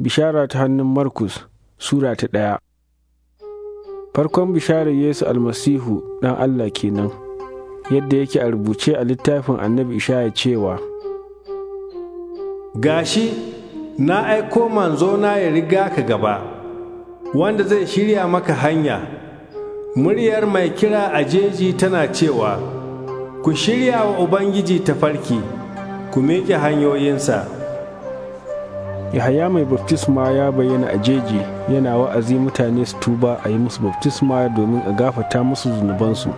Bishara ta hannun Markus Sura ta ɗaya Farkon Bishara Yesu almasihu ɗan Allah kenan, yadda yake a rubuce a littafin annabi Ishaya cewa, Gashi, na aiko manzona ya riga ka gaba, wanda zai shirya maka hanya, muryar mai kira a jeji tana cewa, Ku shirya wa Ubangiji ta farki, ku miƙe hanyoyinsa. yahaya mai baftisma ya bayyana a jeji yana wa'azi mutane su tuba a yi musu baftisma domin a gafata musu zunubansu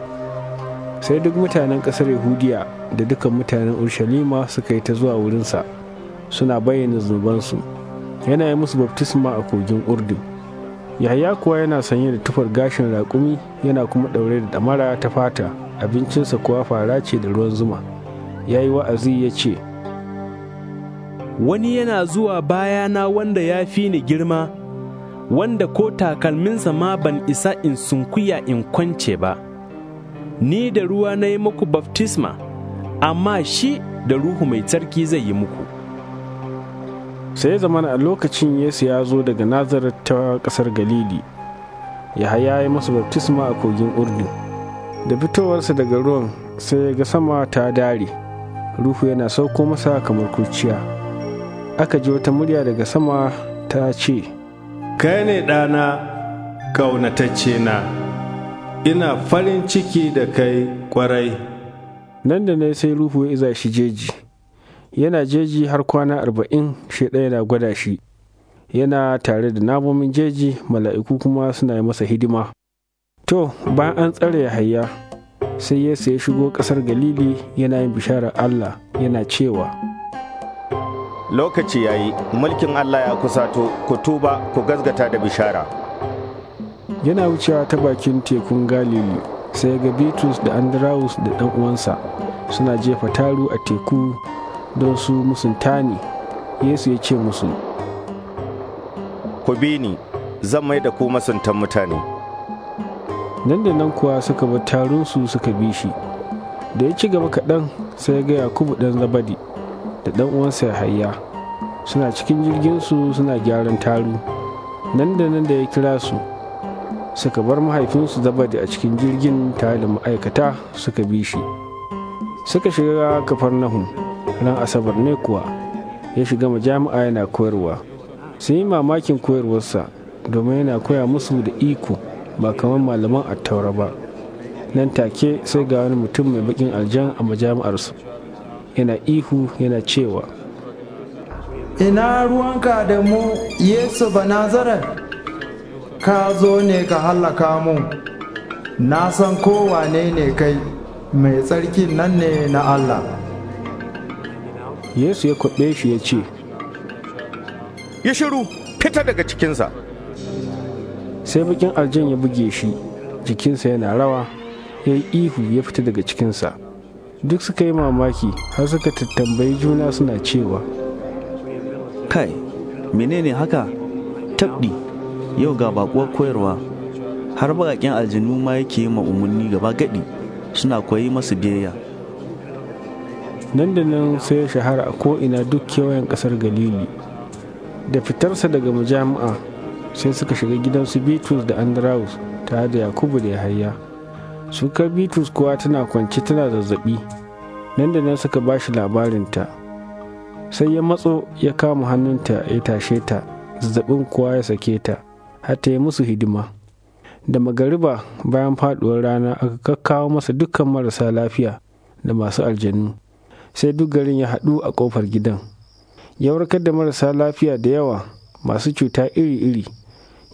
sai duk mutanen ƙasar yahudiya da dukan mutanen urshalima suka yi ta zuwa wurinsa suna bayyana zunubansu yana yi musu baftisma a kogin urdun yahaya kuwa yana sanye da tufar gashin raƙumi yana kuma ɗaure da ɗamara ta fata abincinsa kuwa fara ce da ruwan zuma ya yi wa'azi ya ce wani yana zuwa bayana wanda ya fi ni girma, wanda ko takalminsa ma ban isa in sunkuya in kwance ba. Ni da ruwa na yi muku baftisma, amma shi da Ruhu Mai Tsarki zai yi muku. Sai zamana a lokacin Yesu ya zo daga nazarar ta ƙasar Galili, Yahaya ya masa baftisma a kogin Urdu. Da fitowarsa daga ruwan sai ga sama ta dare, Ruhu yana sauko masa kamar kurciya. aka ji wata murya daga sama ta ce, Kai ne ɗana ƙaunatacce na, ina farin ciki da kai kwarai. Nan da ne sai Ruhu ya iza shi jeji, yana jeji har kwana arba'in shi ɗaya na gwada shi, yana tare da namomin jeji mala'iku kuma suna yi masa hidima. To, bayan an tsare hayya, sai Yesu ya shigo ƙasar Galili yana yin bishara Allah yana cewa. lokaci ya yi mulkin Allah ya kusa kusato ku tuba ku gazgata da bishara. Yana wucewa ta bakin tekun Galili sai ga Bitrus da Andraus da dan uwansa suna jefa taru a teku don su musunta ne. Yesu ya ce musu. Ku bi ni zan mai da ku masuntan mutane. Nan da nan kuwa suka bi taron su suka bi shi. Da ya ci gaba kaɗan sai ga Yakubu ɗan Zabadi. da ɗan uwansa hayya suna cikin jirginsu suna gyaran taru nan da nan da ya kira su suka bar mahaifinsu zabadi a cikin jirgin tare da ma'aikata suka bi shi suka shiga kafar nahu ran asabar ne kuwa ya shiga majami'a yana koyarwa sun yi mamakin koyarwarsa domin yana koya musu da iko ba kamar malaman attaura ba nan take sai ga wani mutum mai bakin aljan a majami'arsu yana ihu yana cewa ina ruwanka da mu yesu banazara ka zo ne ka hallaka mu na san kowa ne kai mai tsarkin nan ne na allah yesu ya kwaɓe shi ya ce ya shiru fita daga cikinsa sai bikin aljan ya buge shi jikinsa yana rawa ya yi ihu ya fita daga cikinsa duk suka yi mamaki har suka tattambayi juna suna cewa kai menene haka tabdi yau ga bakuwar koyarwa har bakin aljanu ma yake ma umarni gaba gadi suna koyi masu biyayya nan da nan sai ya shahara a ko'ina duk kewayen ƙasar galili da fitarsa daga majami'a sai suka shiga gidansu bitrus da andraus tare da yakubu da yahaya sukar bitrus kuwa tana kwance tana zazzaɓi nan da nan suka ba shi labarinta sai ya matso ya kama hannunta ya tashe ta zazzaɓin kuwa ya sake ta har ta yi musu hidima da magariba bayan faduwar rana aka kakkawo masa dukkan marasa lafiya da masu aljanu sai duk garin ya haɗu a ƙofar gidan ya warkar da marasa lafiya da yawa masu cuta iri-iri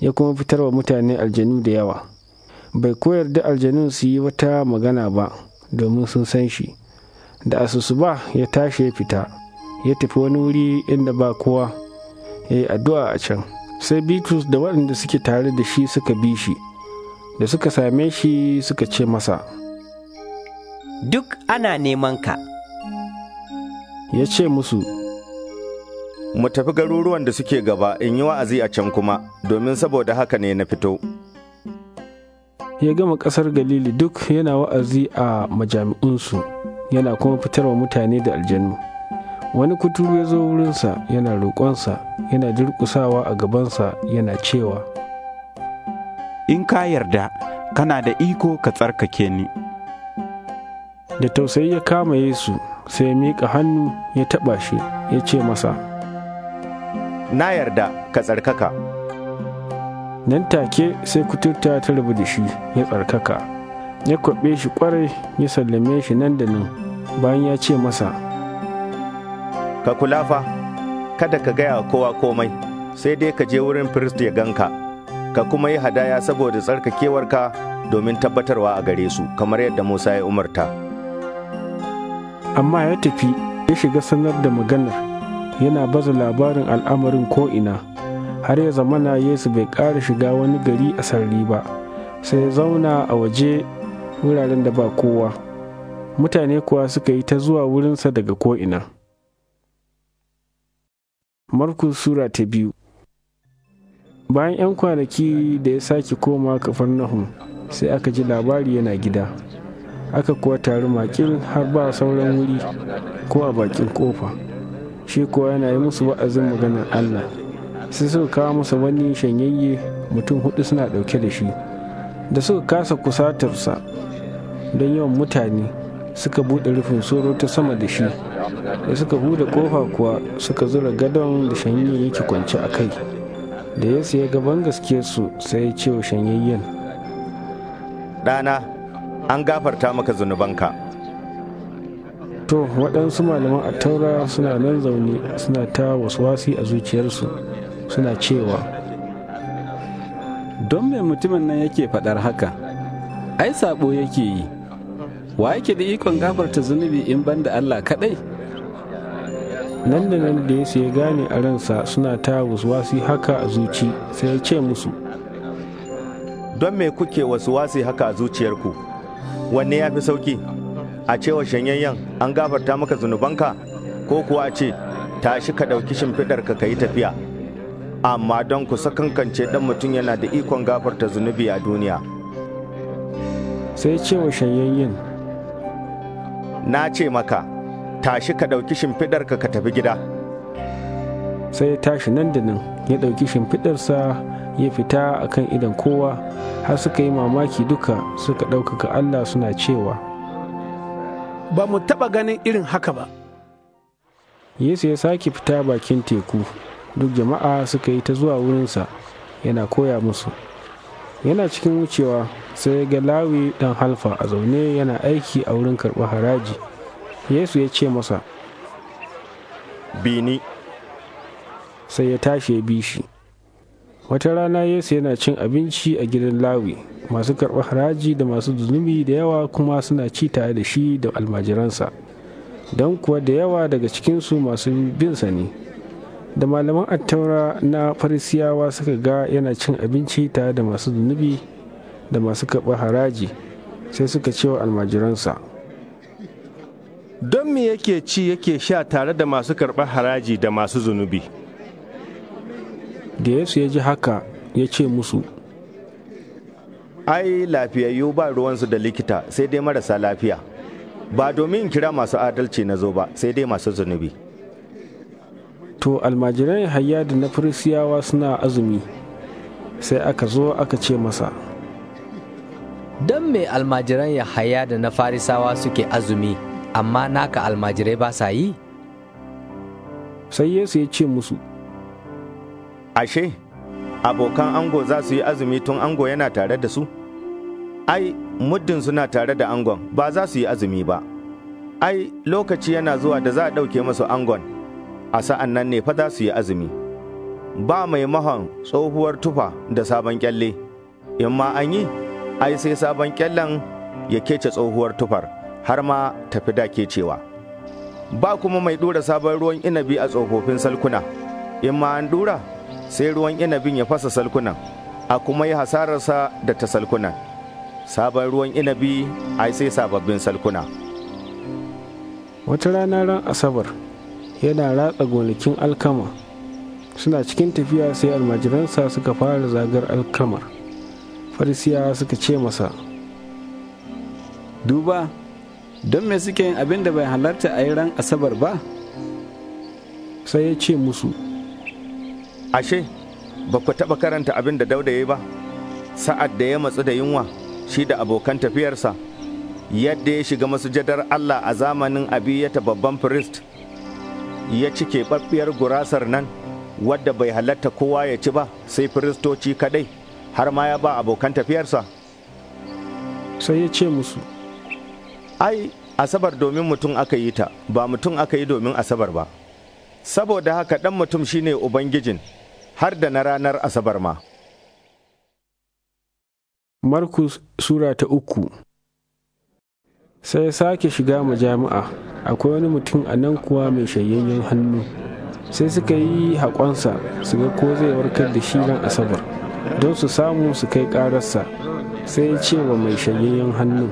ya kuma fitar wa mutane aljanu da yawa bai koyar da aljanun su yi wata magana ba domin sun san shi da asusu ba ya tashi ya fita ya tafi wani wuri inda ba kowa ya yi addu'a a can sai bitrus da waɗanda suke tare da shi suka bi shi da suka same shi suka ce masa duk ana neman ka ya ce musu mu tafi garuruwan da suke gaba in yi wa'azi a can kuma domin saboda haka ne na fito ya gama ƙasar galili duk yana wa'azi a majami'unsu yana kuma fitar wa mutane da aljanu wani kuturu ya zo wurinsa yana roƙonsa yana durƙusawa a gabansa yana cewa in ka yarda kana da iko ka tsarkake ni da tausayi ya kama yesu sai ya miƙa hannu ya taɓa shi ya ce masa na yarda ka tsarkaka nan take sai kuturta ta rabu da shi ya tsarkaka ya kwaɓe shi kwarai ya sallame shi nan da nan bayan ya ce masa ka kula fa kada ka gaya kowa komai sai dai ka je wurin firist ya ganka ka kuma yi hadaya saboda tsarkakewarka domin tabbatarwa a gare su kamar yadda musa ya umarta amma ya tafi ya shiga sanar da maganar yana baza labarin al'amarin ko'ina har ya zamana yesu bai ƙara shiga wani gari a sarari ba sai ya zauna a waje wuraren da ba kowa mutane kuwa suka yi ta zuwa wurinsa daga ko'ina markus sura ta biyu bayan 'yan kwanaki da ya sake koma kafar nahum sai aka ji labari yana gida aka kuwa taru makil har ba sauran wuri ko a bakin kofa shi kuwa yana yi musu wa'azin maganar allah sai suka kawo masa wani shanyayye mutum hudu suna dauke da shi da suka kasa kusatarsa don yawan mutane suka bude rufin tsoro ta sama da shi da suka bude kofa kuwa suka zura gadon da shanyayyen yake kwance a kai da ya siya gaban gaske su sai ce wa shanyayyen ɗana an gafarta maka zunubanka to waɗansu malaman a taura suna nan zaune suna ta wasu wasi a zuciyarsu suna cewa don mai mutumin nan yake faɗar haka ai sabo yake yi wa yake da ikon gafarta zunubi in ban da Allah kaɗai nan da nan da Yesu ya gane a ransa suna ta wasu haka a zuci sai ya ce musu don me kuke wasi haka a zuciyarku wanne ya fi sauki a cewa shanyayyen an gafarta maka zunubanka ko kuwa ce tashi ka ɗauki shimfiɗarka ka yi tafiya amma don ku sakankance ɗan mutum yana da ikon gafarta zunubi a duniya sai ce wa shanyayyen na ce maka tashi ka ɗauki shimfiɗarka ka tafi gida sai ya tashi nan da nan ya ɗauki shimfiɗarsa ya fita a kan idan kowa har suka yi mamaki duka suka ɗaukaka Allah suna cewa ba mu taɓa ganin irin haka ba Yesu ya sake fita bakin teku duk jama'a suka yi ta zuwa wurinsa yana koya musu yana cikin wucewa sai ga lawi dan halfa a zaune yana aiki a wurin karɓar haraji yesu ya ce masa bini sai ya tashi ya bi shi wata rana yesu yana cin abinci a gidan lawi masu karɓar haraji da masu zunubi da yawa kuma suna ci tare da shi da almajiransa don kuwa da yawa daga cikinsu masu binsa ne da malaman attaura na farisiyawa suka ga yana cin abinci tare da masu zunubi da masu karɓar haraji sai suka cewa almajiransa don me yake ci yake sha tare da masu karɓar haraji da masu zunubi da yesu ya ji haka ya ce musu ai lafiyayyu ba ruwansu da likita sai dai marasa lafiya ba domin kira masu adalci na zo ba sai dai masu zunubi to almajiran hayya da na firisiyawa suna azumi sai aka zo aka ce masa don mai almajiran yahaya da na farisawa suke azumi amma naka almajirai ba sa yi sai yesu ya ce musu ashe abokan ango za su yi azumi tun ango yana tare da su ai muddin suna tare da angon ba za su yi azumi ba ai lokaci yana zuwa da za a ɗauke masu angon a sa'an nan ne fa su yi azumi ba mai mahon tsohuwar tufa da sabon kyalle in ma an yi ai sai sabon kyallen ya kece tsohuwar tufar har ma tafi da cewa. ba kuma mai ɗura sabon ruwan inabi a tsofaffin salkuna in ma an ɗura, sai ruwan inabin ya fasa salkunan a kuma yi hasararsa da ta salkunan sabon ruwan inabi ai sai sababbin salkuna wata rana ran asabar yana ratsa gonakin alkama suna cikin tafiya sai almajiransa suka fara zagar alkamar farisiya suka ce masa duba don me suke yin abin da bai halarta a yi ran asabar ba sai ya ce musu ashe ba ku taɓa karanta abin da dauda ya ba sa'ad da ya matsu da yunwa shi da abokan tafiyarsa yadda ya shiga masujadar allah a zamanin abiyata babban firist ya ci keɓaɓɓiyar gurasar nan wadda bai halatta kowa ya ci ba sai firistoci kaɗai har ma ya ba abokan tafiyarsa? Sai ya ce musu, Ai, asabar domin mutum aka yi ta, ba mutum aka yi domin asabar ba. Saboda haka ɗan mutum shine Ubangijin har da na ranar asabar ma. Markus Sura ta uku sai sake shiga majami'a akwai wani mutum a nan kuwa mai shayayyen hannu sai suka yi haƙonsa su ga ko zai warkar da shi ran asabar don su samu su kai ƙararsa sai ya ce wa mai shayayyen hannu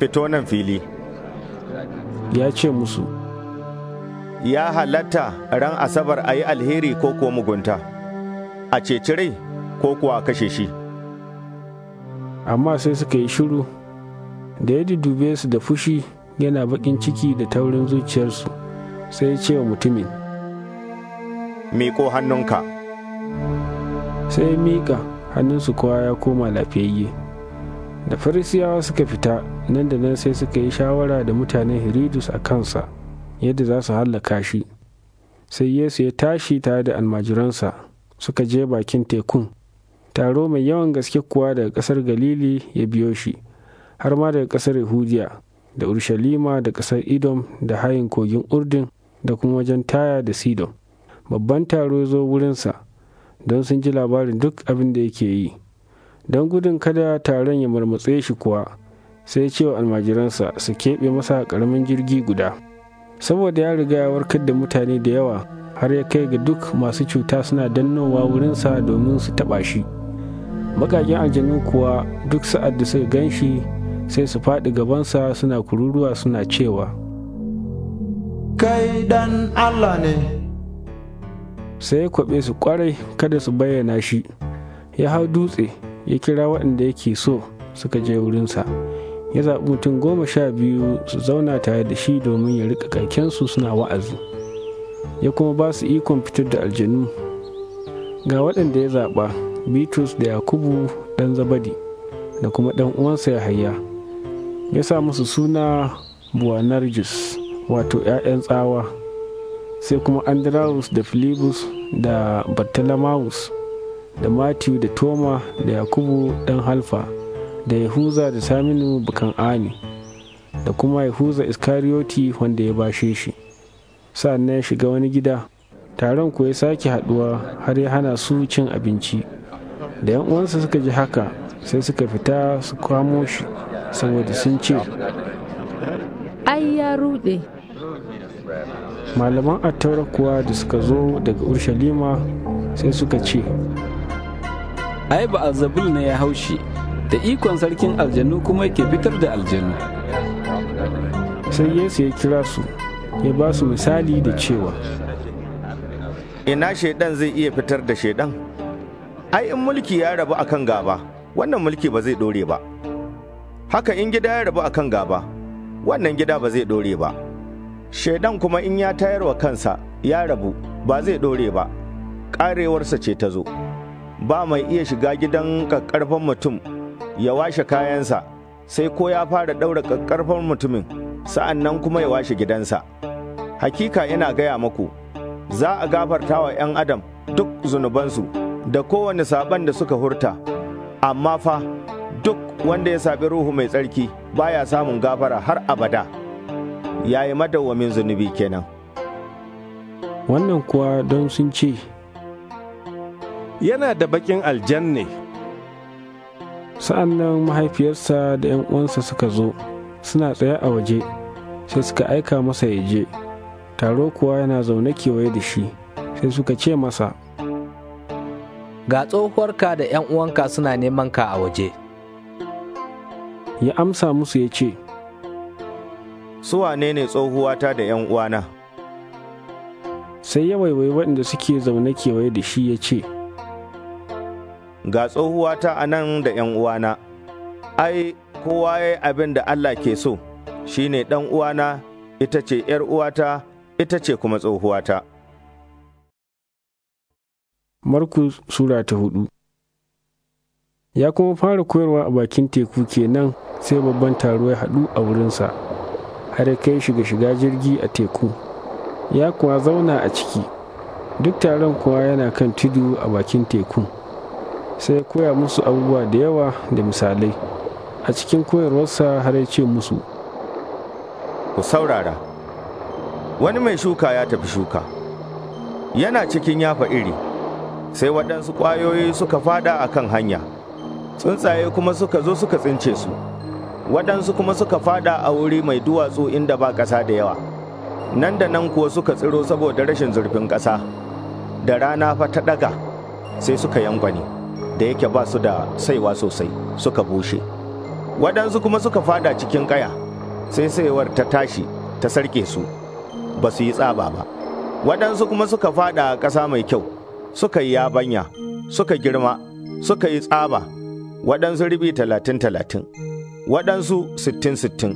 fito nan fili ya ce musu ya halatta ran asabar a yi alheri ko kuwa mugunta a ceci rai ko kuwa kashe shi amma sai suka yi shiru da ya dudube su da fushi yana baƙin ciki da taurin zuciyarsu sai ya ce wa mutumin miko hannunka sai miƙa hannunsu kowa ya koma lafiyayye da farisiyawa suka fita nan da nan sai suka yi shawara da mutanen hiridus a kansa yadda za su hallaka shi sai yesu ya tashi tare da almajiransa suka je bakin tekun taro mai yawan gaske kuwa daga ƙasar galili ya biyo shi har ma daga kasar yahudiya da urushalima da kasar idom da hayin kogin urdin da kuma wajen taya da sidon babban taro ya zo wurinsa don sun ji labarin duk abin da yake yi don gudun kada taron ya marmatse shi kuwa sai cewa almajiransa su keɓe masa ƙaramin jirgi guda saboda ya riga ya warkar da mutane da yawa har ya kai ga duk masu cuta suna dannowa wurinsa domin su taɓa shi baƙaƙen aljanu kuwa duk sa'ad da suka gan shi sai su faɗi gabansa suna kururuwa suna cewa kai dan Allah ne sai ya kwaɓe su ƙwarai kada su bayyana shi ya hau dutse ya kira waɗanda yake so suka je wurinsa ya zaɓi mutum goma sha biyu su zauna tare da shi domin ya riƙa kankensu suna wa'azi ya kuma ba su ikon fitar da aljanu ga waɗanda ya zaɓa bitrus da yakubu ɗan zabadi da kuma ɗan uwansa ya hayya ya sa musu suna buwanarjus wato 'ya'yan tsawa sai kuma andrews da filibus da bartolomeus da matthew da toma da yakubu dan halfa da yahuza da saminu ani da kuma yahuza iskarioti wanda ya bashe shi sa'annan ya shiga wani gida taron ku ya sake haduwa har ya hana su cin abinci da 'yan uwansa suka ji haka sai suka fita su kamo shi saboda sun ce ai ya rude malaman attaura kuwa da suka zo daga urshalima sai suka ce ai ba alzabul ne ya haushi da ikon sarkin aljanu kuma yake fitar da aljanu sai yesu ya kira su ya ba su misali da cewa ina shaidan zai iya fitar da shaidan ai in mulki ya rabu a kan gaba wannan mulki ba zai dore ba haka in gida ya rabu akan gaba wannan gida ba zai ɗore ba shaidan kuma in ya tayar wa kansa ya rabu ba zai ɗore ba ƙarewarsa ce ta zo ba mai iya shiga gidan ƙaƙƙarfan mutum ya washe kayansa sai ko ya fara ɗaura ƙaƙƙarfan mutumin sa'an nan kuma ya washe gidansa hakika ina gaya maku za a gafarta wa 'yan adam duk zunubansu da kowane sabon da suka hurta amma fa duk wanda ya saɓi ruhu mai tsarki baya samun gafara har abada ya yi madawwamin zunubi kenan wannan kuwa don sun ce yana da bakin aljanne sa'an nan mahaifiyarsa da 'yan uwansa suka zo suna tsaye a waje sai suka aika masa ya je taro kuwa yana zaune kewaye da shi sai suka ce masa ga tsohuwarka da 'yan uwanka suna neman ka a waje ya amsa musu ya ce, Su wanene ne tsohuwata da ’yan uwana? Sai ya waiwayi waɗanda suke zaune kewaye da shi ya ce, Ga tsohuwata a nan da ’yan uwana, ai, kowa ya abin da Allah ke so, shi ne ɗan uwana, ita ce ’yar uwata, ita ce kuma tsohuwata. Markus Sura ta hudu ya kuma fara koyarwa a bakin teku kenan sai babban taro ya haɗu a wurinsa har kai shiga shiga jirgi a teku ya kuwa zauna a ciki duk taron kuwa yana kan tudu a bakin teku sai ya koya musu abubuwa da yawa da misalai a cikin koyarwarsa har ya ce musu ku saurara wani mai shuka ya tafi shuka yana cikin yafa iri sai waɗansu ƙwayoyi suka fada a kan hanya tsuntsaye kuma suka zo suka tsince su waɗansu kuma suka fada a wuri mai duwatsu inda ba ƙasa da yawa nan da nan kuwa suka tsiro saboda rashin zurfin ƙasa da rana fa ta ɗaga sai suka yankwane da yake ba su da saiwa sosai suka bushe waɗansu kuma suka fada cikin ƙaya sai saiwar ta tashi ta sarke su ba su yi tsaba ba waɗansu kuma suka fada a ƙasa mai kyau suka yi yabanya suka girma suka yi tsaba waɗansu ribi talatin talatin, waɗansu sittin sittin,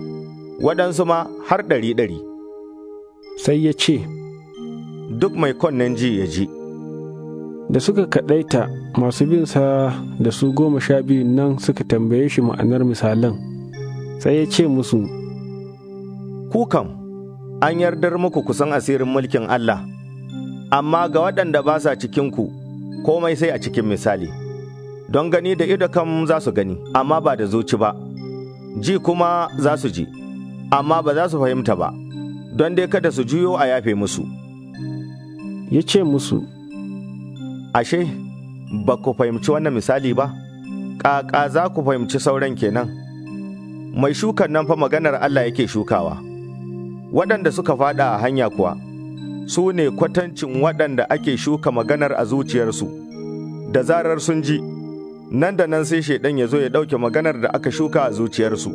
waɗansu ma har ɗari ɗari. Sai ya ce, Duk mai kunnen ji ya ji. Da suka kaɗaita masu bin sa da su goma sha biyu nan suka tambaye shi ma'anar misalin, sai ya ce musu, Kukan, an yardar muku kusan asirin mulkin Allah, amma ga waɗanda ba sa cikinku, komai sai a cikin misali. don gani da ido kam za su gani amma ba da zuci ba ji kuma za su ji amma ba za su fahimta ba don dai kada su juyo a yafe musu ya ce musu ashe ba ku fahimci wannan misali ba ƙaƙa za ku fahimci sauran kenan mai shukan nan fa maganar Allah yake shukawa waɗanda suka faɗa a hanya kuwa su ne kwatancin waɗanda ake shuka maganar a zuciyarsu da zarar sun ji nan da nan sai shaidan ya zo ya ɗauke maganar da aka shuka a zuciyarsu.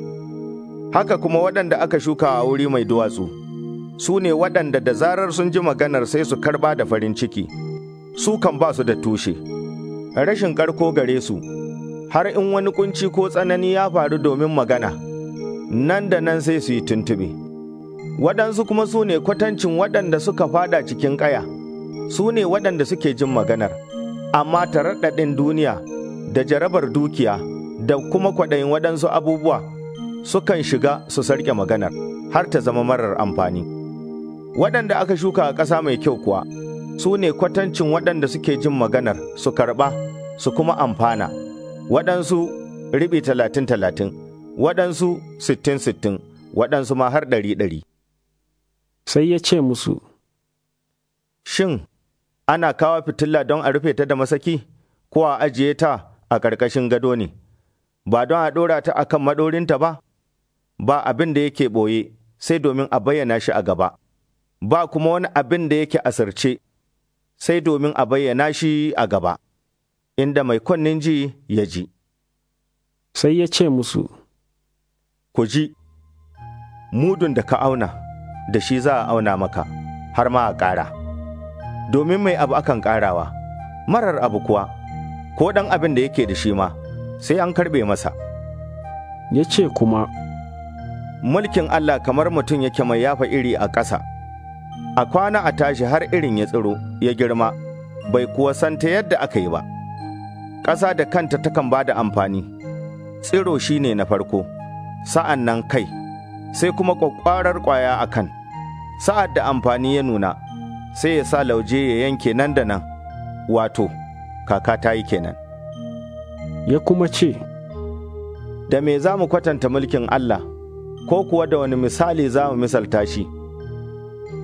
Haka kuma waɗanda aka shuka a wuri mai duwatsu, su ne waɗanda da zarar sun ji maganar sai su karɓa da farin ciki, su kan ba su da tushe, rashin ƙarko gare su, har in wani kunci ko tsanani ya faru domin magana, nan da nan sai su yi tuntuɓe. Waɗansu kuma su ne kwatancin waɗanda suka fada cikin ƙaya, su ne waɗanda suke jin maganar, amma taraɗaɗin duniya. da jarabar dukiya da kuma kwaɗayin waɗansu abubuwa sukan shiga su sarƙe maganar har ta zama marar amfani. Waɗanda aka shuka a ƙasa mai kyau kuwa su ne kwatancin waɗanda suke jin maganar su karɓa su kuma amfana waɗansu riɓi talatin talatin waɗansu sittin sittin waɗansu ma har ɗari ɗari. Sai ya ce musu, Shin, ana kawo fitila don a rufe ta da masaki, ko a ajiye ta a ƙarƙashin gado ne, ba don a ɗora ta a kan maɗorinta ba, ba abin da yake ɓoye sai domin a bayyana shi a gaba, ba kuma wani abin da yake asirce sai domin a bayyana shi a gaba, inda mai kunnin ji ya ji. Sai ya ce musu, Ku ji, mudun da ka auna, da shi za a auna maka, har ma a ƙara, domin mai abu akan ƙarawa, marar abu kuwa. ko ɗan abin da yake da shi ma sai an karɓe masa. Ya ce kuma, Mulkin Allah kamar mutum yake mai yafa iri a ƙasa, a kwana a tashi har irin ya tsiro ya girma, bai kuwa san ta yadda aka yi ba. Ƙasa da kanta takan ba da amfani, tsiro shi ne na farko, sa'an nan kai, sai kuma ƙwaƙwarar ƙwaya a kan, sa'ad da amfani ya nuna, sai ya sa lauje ya yanke nan da nan, wato. kaka ta yi kenan. Ya kuma ce, Da me za mu kwatanta mulkin Allah, ko kuwa da wani misali za mu misalta shi,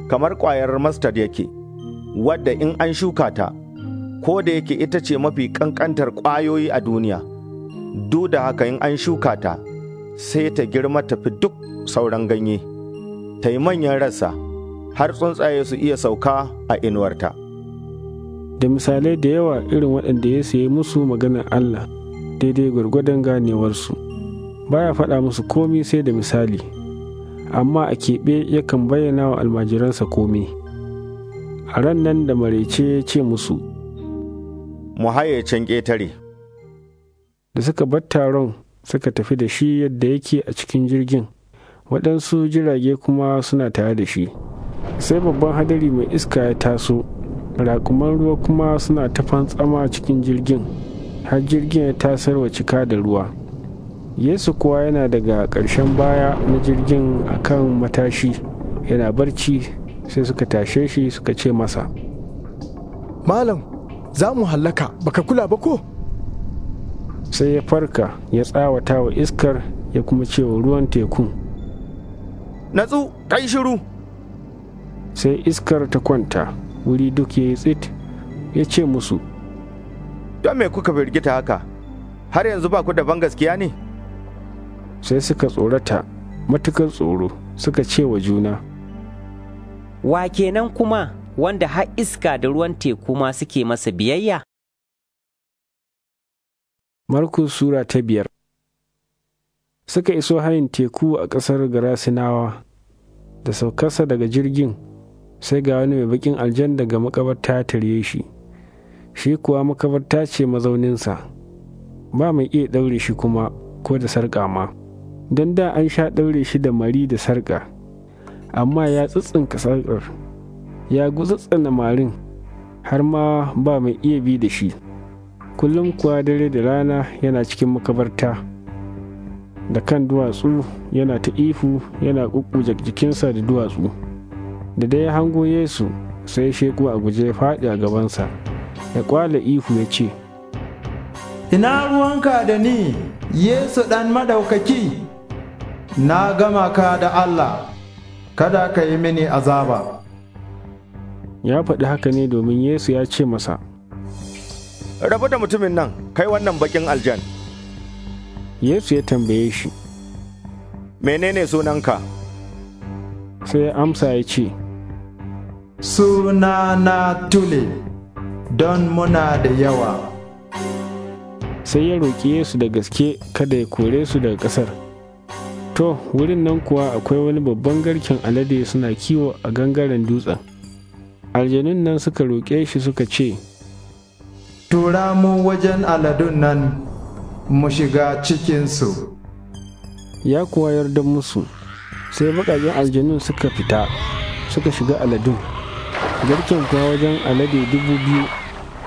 kamar ƙwayar mastar yake, wadda in an shuka ta, ko da yake ita ce mafi ƙanƙantar ƙwayoyi a duniya, duk da haka in an shuka ta, sai ta girma tafi duk sauran ganye, ta yi manyan rasa har tsuntsaye su iya sauka a inuwarta. da misalai da yawa irin waɗanda ya sayi musu maganar Allah daidai gwargwadon ganewarsu baya faɗa musu komi sai da misali amma a keɓe yakan bayyana wa almajiransa komi a ran nan da marece ya ce musu mu hayyacin ƙetare da suka bar taron suka tafi da shi yadda yake a cikin jirgin waɗansu jirage kuma suna tare da shi sai babban hadari mai iska ya taso raƙuman ruwa kuma suna ta fantsama cikin jirgin har jirgin ya tasar wa cika da ruwa yesu kuwa yana daga ƙarshen baya na jirgin akan matashi yana barci sai suka tashe shi suka ce masa malam za mu hallaka baka kula ba ko sai ya farka ya tsawata wa iskar ya kuma ce wa ruwan teku natsu kai shiru sai iskar ta kwanta wuri duk ya yi tsit ya ce musu don me kuka firgita haka har yanzu ba ku da gaskiya ne sai suka tsorata matukar tsoro suka ce wa juna wa kenan kuma wanda har iska da ruwan teku ma suke masa biyayya Markus Sura ta biyar Suka iso hayin teku a ƙasar Garasinawa da saukarsa daga jirgin sai ga wani mai bakin aljan daga makabarta tarye shi shi kuwa makabarta ce mazauninsa ba mai iya ɗaure shi kuma ko da sarƙa ma don da an sha ɗaure shi da mari da sarƙa amma ya tsitsinka sarƙar ya gutsitsina marin har ma ba mai iya bi da shi kullum kuwa dare da rana yana cikin makabarta da kan duwatsu yana ta ifu yana ƙuƙu jikinsa da duwatsu da dai hango yesu sai sheku a guje faɗi a gabansa ya kwala ihu ya ce ina ruwanka da ni yesu ɗan maɗaukaki na gama ka da allah kada ka yi mini azaba ya faɗi haka ne domin yesu ya ce masa rabu da mutumin nan kai wannan bakin aljan yesu ya tambaye shi menene sunanka sai amsa ya ce suna na tule don muna da yawa sai ya roƙi yesu da gaske kada ya kore su daga ƙasar to wurin nan kuwa akwai wani babban garken alade suna kiwo a gangaren dutsen aljanun nan suka roƙe shi suka ce tura mu wajen aladun nan mu shiga cikinsu ya kuwa yarda musu sai baƙaƙen aljanun suka fita suka shiga aladun garken kuwa wajen alade dubu biyu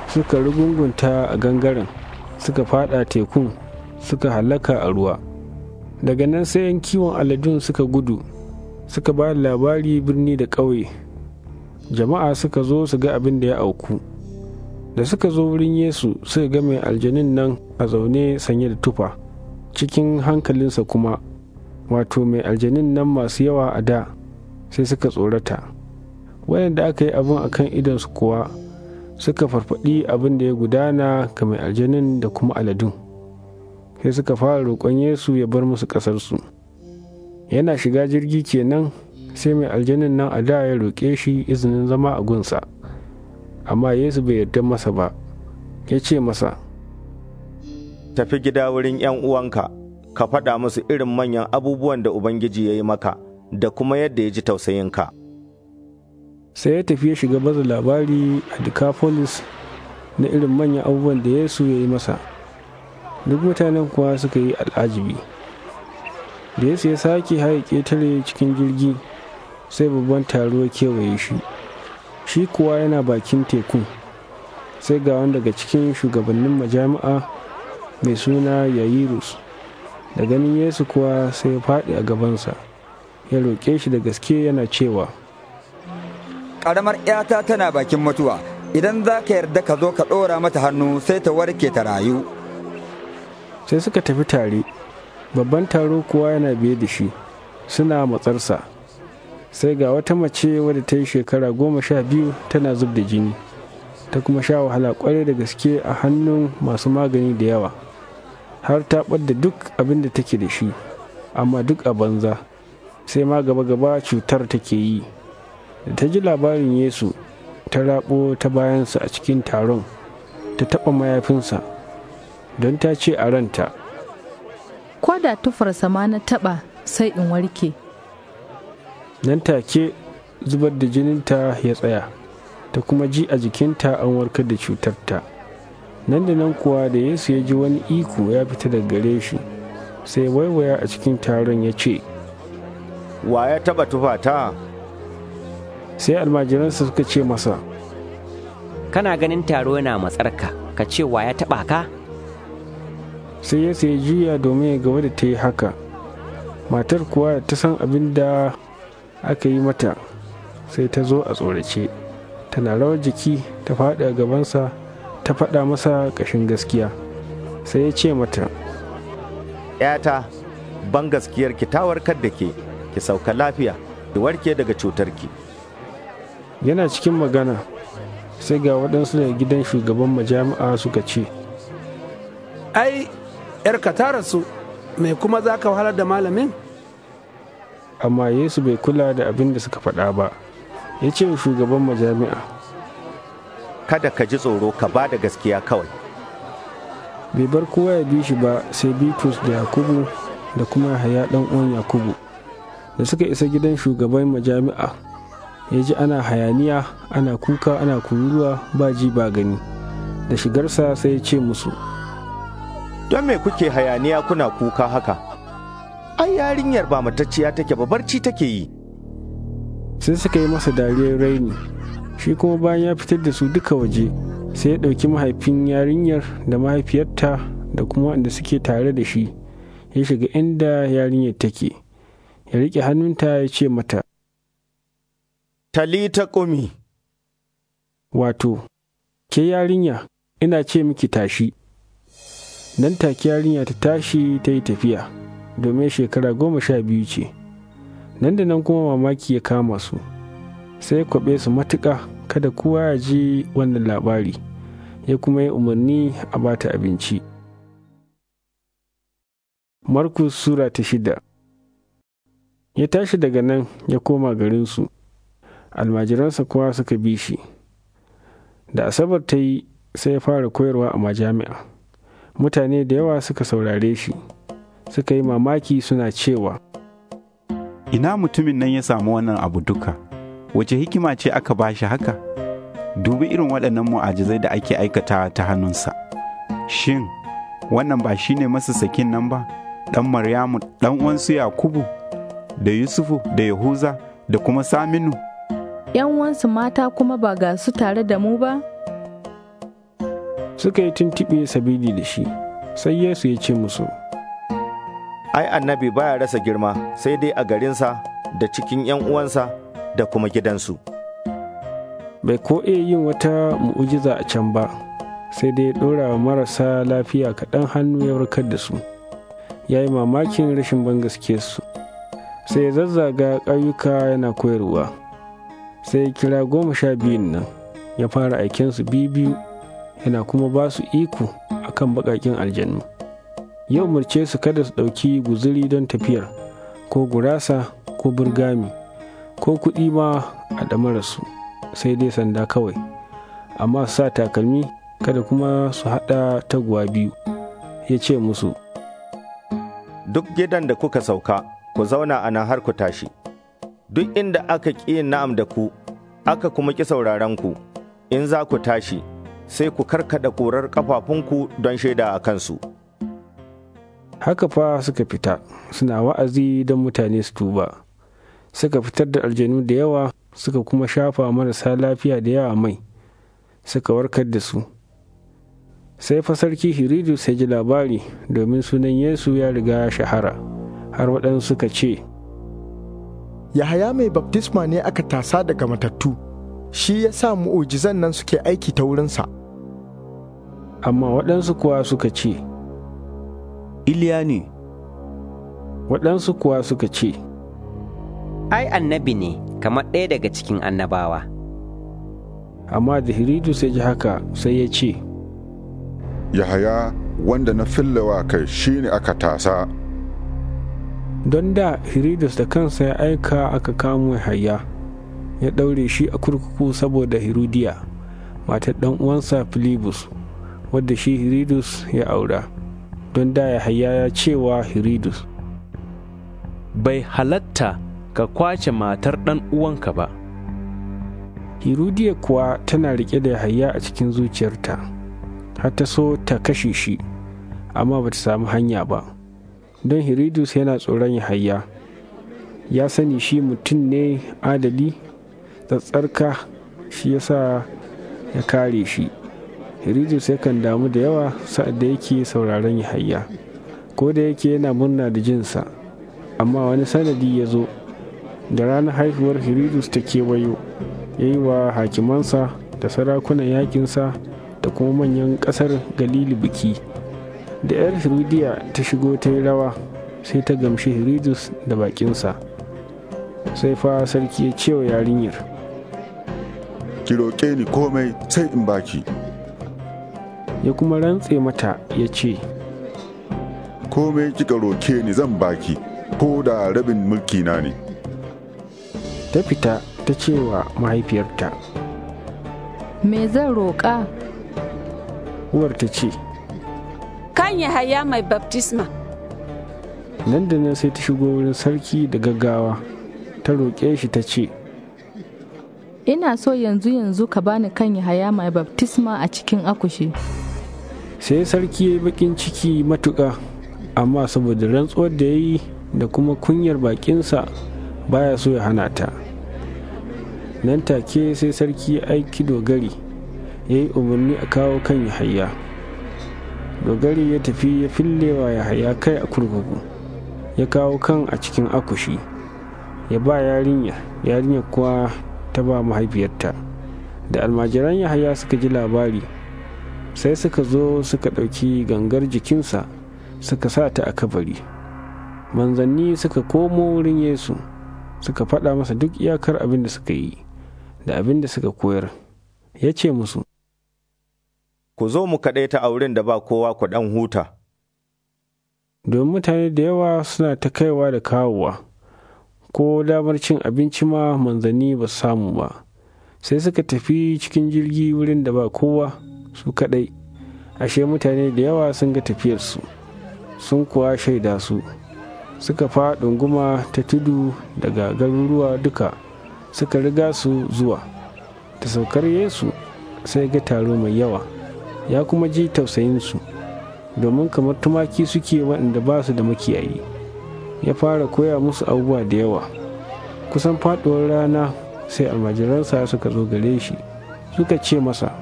suka rugungunta a gangaren suka fada tekun suka halaka a ruwa daga nan sai 'yan kiwon aladun suka gudu suka ba labari birni da ƙauye jama'a suka zo su ga abin da ya auku da suka zo wurin yesu suka ga mai aljanin nan a zaune sanye da tufa cikin hankalinsa kuma wato mai aljanin nan masu yawa a da sai suka tsorata wayanda aka yi abin akan idonsu kuwa suka farfaɗi abin da ya gudana ga mai aljanin da kuma aladun sai suka fara roƙon yesu ya bar musu ƙasarsu yana shiga jirgi kenan sai mai aljanin nan a da ya roƙe shi izinin zama a gunsa amma yesu bai yarda masa ba ya ce masa tafi gida wurin 'yan uwanka ka faɗa musu irin manyan abubuwan da ubangiji ya yi maka da kuma yadda ya ji tausayinka sai ya tafi ya shiga baza labari a Decapolis na irin manyan abubuwan da Yesu ya yi masa duk mutanen kuwa suka yi al'ajibi da Yesu ya sake haye ƙetare cikin jirgi sai babban taro kewaye shi shi kuwa yana bakin teku sai ga wani daga cikin shugabannin majami'a mai suna yayirus da ganin yesu kuwa sai ya faɗi a gabansa ya roƙe shi da gaske yana cewa karamar ‘yata tana bakin mutuwa, idan za ka yarda ka zo ka ɗora mata hannu sai ta warke ta rayu. Sai suka tafi tare, babban taro kuwa yana biye da shi, suna matsarsa. Sai ga wata mace wadda ta yi shekara goma sha biyu tana zub da jini, ta kuma sha wahala kwarai da gaske a hannun masu magani da yawa, har ta ɓadda duk abin da take da shi, amma duk a banza, sai ma gaba-gaba cutar take yi. ta ji labarin yesu ta rabo ta bayansa a cikin taron ta taɓa mayafinsa don ta ce a ranta ko da tufarsa ma na taɓa sai in warke nan take zubar da jininta ya tsaya ta kuma ji a jikinta an warkar da cutarta nan da nan kuwa da yesu ya ji wani iko ya fita daga gare shi sai waiwaya a cikin taron ya ce wa ya taɓa tufata sai almajiransa suka ce masa kana ganin taro yana matsarka ka ce wa ya taɓa ka sai ya sai juya domin ya gaba da ta yi haka matar kuwa ta san abin da aka yi mata sai ta zo a tsorace tana rawar jiki ta faɗi a gabansa ta faɗa masa ƙashin gaskiya sai ya ce mata ‘yata ban gaskiyar ki ta warkar da ke ki sauka lafiya ki warke daga cutarki yana cikin magana sai ga waɗansu ne gidan shugaban majami'a suka ce ai yarka ta rasu mai kuma za ka wahalar da malamin amma yesu bai kula da abin da suka faɗa ba ya ce shugaban majami'a kada ka ji tsoro ka ba da gaskiya kawai bai bar kowa ya bi shi ba sai bitrus da yakubu da kuma haya ɗan uwan yakubu da suka isa gidan shugaban majami'a ya ji ana hayaniya ana kuka ana kururuwa ba ji ba gani da shigarsa sai ya ce musu don me kuke hayaniya kuna kuka haka ai yarinyar ba matacciya take ba barci take yi sai suka yi masa dariyar raini shi kuma bayan ya fitar da su duka waje sai ya ɗauki mahaifin yarinyar da mahaifiyarta da kuma wanda suke tare da shi ya shiga inda yarinyar take ya riƙe hannunta ya ce mata Tali ta ƙumi wato, ke yarinya ina ce miki tashi, nan take yarinya ta tashi ta yi tafiya, domin shekara goma sha biyu ce, nan da nan kuma mamaki ya kama su, sai kwaɓe su matuƙa kada kowa ya ji wannan labari, ya kuma yi umarni a bata abinci. Markus Sura ta shida Ya tashi daga nan ya koma garinsu. almajiransa kowa suka bi shi da asabar ta yi sai ya fara koyarwa a majami'a mutane da yawa suka saurare shi suka yi mamaki suna cewa ina mutumin nan ya samu wannan abu duka wace hikima ce aka ba shi haka dubi irin waɗannan mu'ajizai da ake aikata ta hannunsa shin wannan ba shine masasakin nan ba ɗan maryamu ɗan uwansu yakubu da yusufu da yahuza da kuma saminu ‘yan uwansu mata kuma ba ga su tare da mu ba? Suka yi tuntuɓe sabili da shi, sai Yesu ya ce musu. Ai, annabi baya rasa girma sai dai a garinsa da cikin ‘yan uwansa da kuma gidansu. Bai ko iya yin wata mu'ujiza a can ba, sai dai ɗora marasa lafiya kaɗan hannu ya warkar da su. Ya yi mamakin rashin bangaske su, sai zazzaga ƙauyuka yana koyarwa. sai kira goma sha biyun nan ya fara su biyu biyu yana kuma ba su iko a kan baƙaƙen aljannu ya umarce su kada su ɗauki guzuri don tafiyar ko gurasa ko burgami ko kuɗi ma a ɗamararsu sai dai sanda kawai amma su sa takalmi kada kuma su haɗa taguwa biyu ya ce musu duk gidan da kuka sauka ku zauna a nan har ku tashi duk inda aka ƙi na'am da ku, aka kuma ƙi sauraron ku, in za ku tashi, sai ku karkada ƙurar ƙafafunku don shaida a kansu. Haka fa suka fita, suna wa'azi don mutane su tuba. Suka fitar da aljanu da yawa, suka kuma shafa marasa lafiya da yawa mai, suka warkar da su. Sai fa sarki Hiridus ya ji labari domin sunan Yesu ya riga shahara, har waɗansu suka ce, Yahaya mai Baptisma ne aka tasa daga matattu, shi ya sa mu'ujizan nan suke aiki ta wurinsa. Amma waɗansu kuwa suka ce, Iliya ne, waɗansu kuwa suka ce, Ai, annabi ne, kamar ɗaya daga cikin annabawa. Amma da Hiridu sai ji haka sai ya ce, Yahaya wanda na fillawa kai shi ne aka tasa don da hiridus da kansa ya aika aka kamo hayya ya daure shi a kurkuku saboda hirudiya matar ɗan uwansa filibus wadda shi hiridus ya aura don da ya hayya ya cewa hiridus bai halatta ka kwace matar ɗan uwanka ba hirudiya kuwa tana riƙe da hayya a cikin zuciyarta har ta so ta kashe shi amma bata samu hanya ba don hiridus yana tsoron yahaya ya sani shi mutum ne adali tsarka shi yasa ya kare shi hiridus yakan damu da yawa sa'ad da yake sauraron yahaya ko da yake yana murna da jinsa amma wani sanadi ya zo da ranar haihuwar hiridus ta kewayo ya yi wa hakimansa da sarakunan yakinsa da kuma manyan ƙasar galili biki da yar hirudiya ta shigo ta yi rawa sai ta gamshi hiridus da bakinsa sai fa sarki ya cewa yarinyar ki roƙe ni komai sai in baki ya kuma rantse mata ya ce komai kika roƙe ni zan baki ko da rabin mulki na ne ta fita ta cewa mahaifiyarta me zan roƙa uwar ta ce bayan haya mai baptisma nan da nan sai ta shigo wurin sarki da gaggawa ta roƙe shi ta ce ina so yanzu yanzu ka bani kan haya mai baptisma a cikin akushi sai sarki ya yi bakin ciki matuƙa amma saboda rantsuwar da ya yi da kuma kunyar bakinsa baya so ya hana ta nan take sai sarki ya aiki dogari ya yi umarni a kawo kan haya. dogari ya tafi ya fillewa ya haya kai a kurkuku ya kawo kan a cikin akushi ya ba yarinya yarinya kuwa ta ba mahaifiyarta da almajiran yahaya suka ji labari sai suka zo suka ɗauki gangar jikinsa suka sa ta a kabari manzanni suka komo wurin yesu suka faɗa masa duk iyakar abin da suka yi da abin da suka koyar ya ce musu ku zo mu kaɗaita a wurin da ba kowa ku ɗan huta. Domin mutane da yawa suna ta kaiwa da kawowa, ko damar cin abinci ma manzanni ba samu ba, sai suka tafi cikin jirgi wurin da ba kowa su kaɗai, ashe mutane da yawa sun ga tafiyarsu, sun kuwa shaida su, suka fa ɗunguma ta tudu daga garuruwa duka, suka riga su zuwa, ta saukar Yesu sai ga taro mai yawa. ya kuma ji tausayinsu domin kamar tumaki suke waɗanda ba su da makiyayi ya fara koya musu abubuwa da yawa kusan faɗuwar rana sai almajiransa suka zo gare shi suka ce masa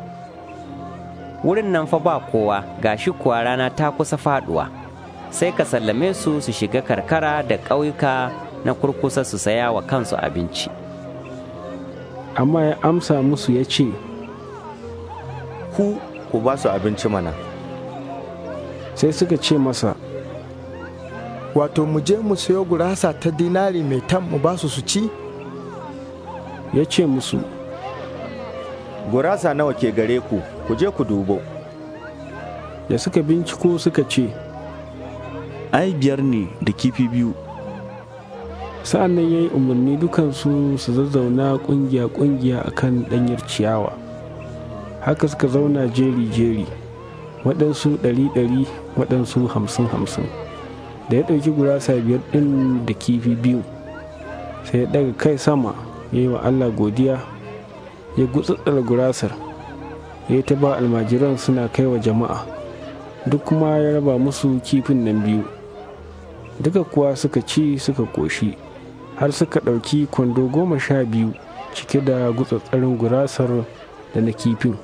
wurin nan fa ba kowa ga shi kuwa rana ta kusa faɗuwa sai ka sallame su su shiga karkara da ƙauyuka na kurkusa su saya wa kansu abinci amma ya amsa musu ya ce ku ku ba su abinci mana sai suka ce masa wato mu je mu sayo gurasa ta dinari mai tam mu ba su su ci ya ce musu gurasa nawa ke gare ku ku je ku dubo da suka binciko suka ce ai biyar ne da kifi biyu sa'an nan ya yi umarni dukansu su zazzauna kungiya-kungiya akan ɗanyar ciyawa haka suka zauna jeri-jeri waɗansu ɗari-ɗari waɗansu hamsin-hamsin da ya ɗauki gurasa biyar ɗin da kifi biyu sai ya ɗaga kai sama ya yi wa allah godiya ya gutsuttsar gurasar ya yi ta ba almajiran suna kai wa jama'a duk kuma ya raba musu kifin nan biyu duka kuwa suka ci suka koshi har suka ɗauki kwando goma sha biyu cike da gutsatsarin gurasar da na kifin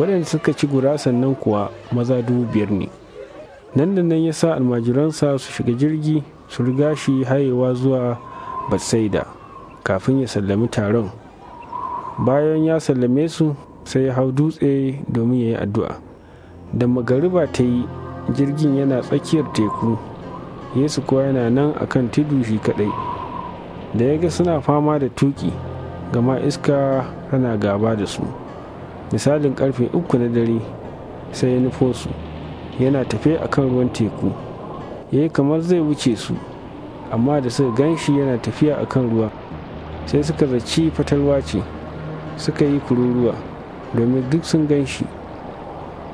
waɗanda suka ci gurasan sannan kuwa maza dubu biyar ne nan da nan ya sa almajiransa su shiga jirgi su riga shi hayewa zuwa batsaida kafin ya sallami taron bayan ya sallame su sai ya hau dutse domin ya yi addu'a da magariba ta yi jirgin yana tsakiyar teku yesu kuwa yana nan akan tudu shi kadai da ya ga suna fama da tuki gama iska tana gaba da su misalin karfe uku na dare sai ya nufo su yana tafe a kan ruwan teku ya yi kamar zai wuce su amma da suka ganshi yana tafiya a kan ruwa sai suka zaci fatalwa ce suka yi kururuwa domin duk sun ganshi shi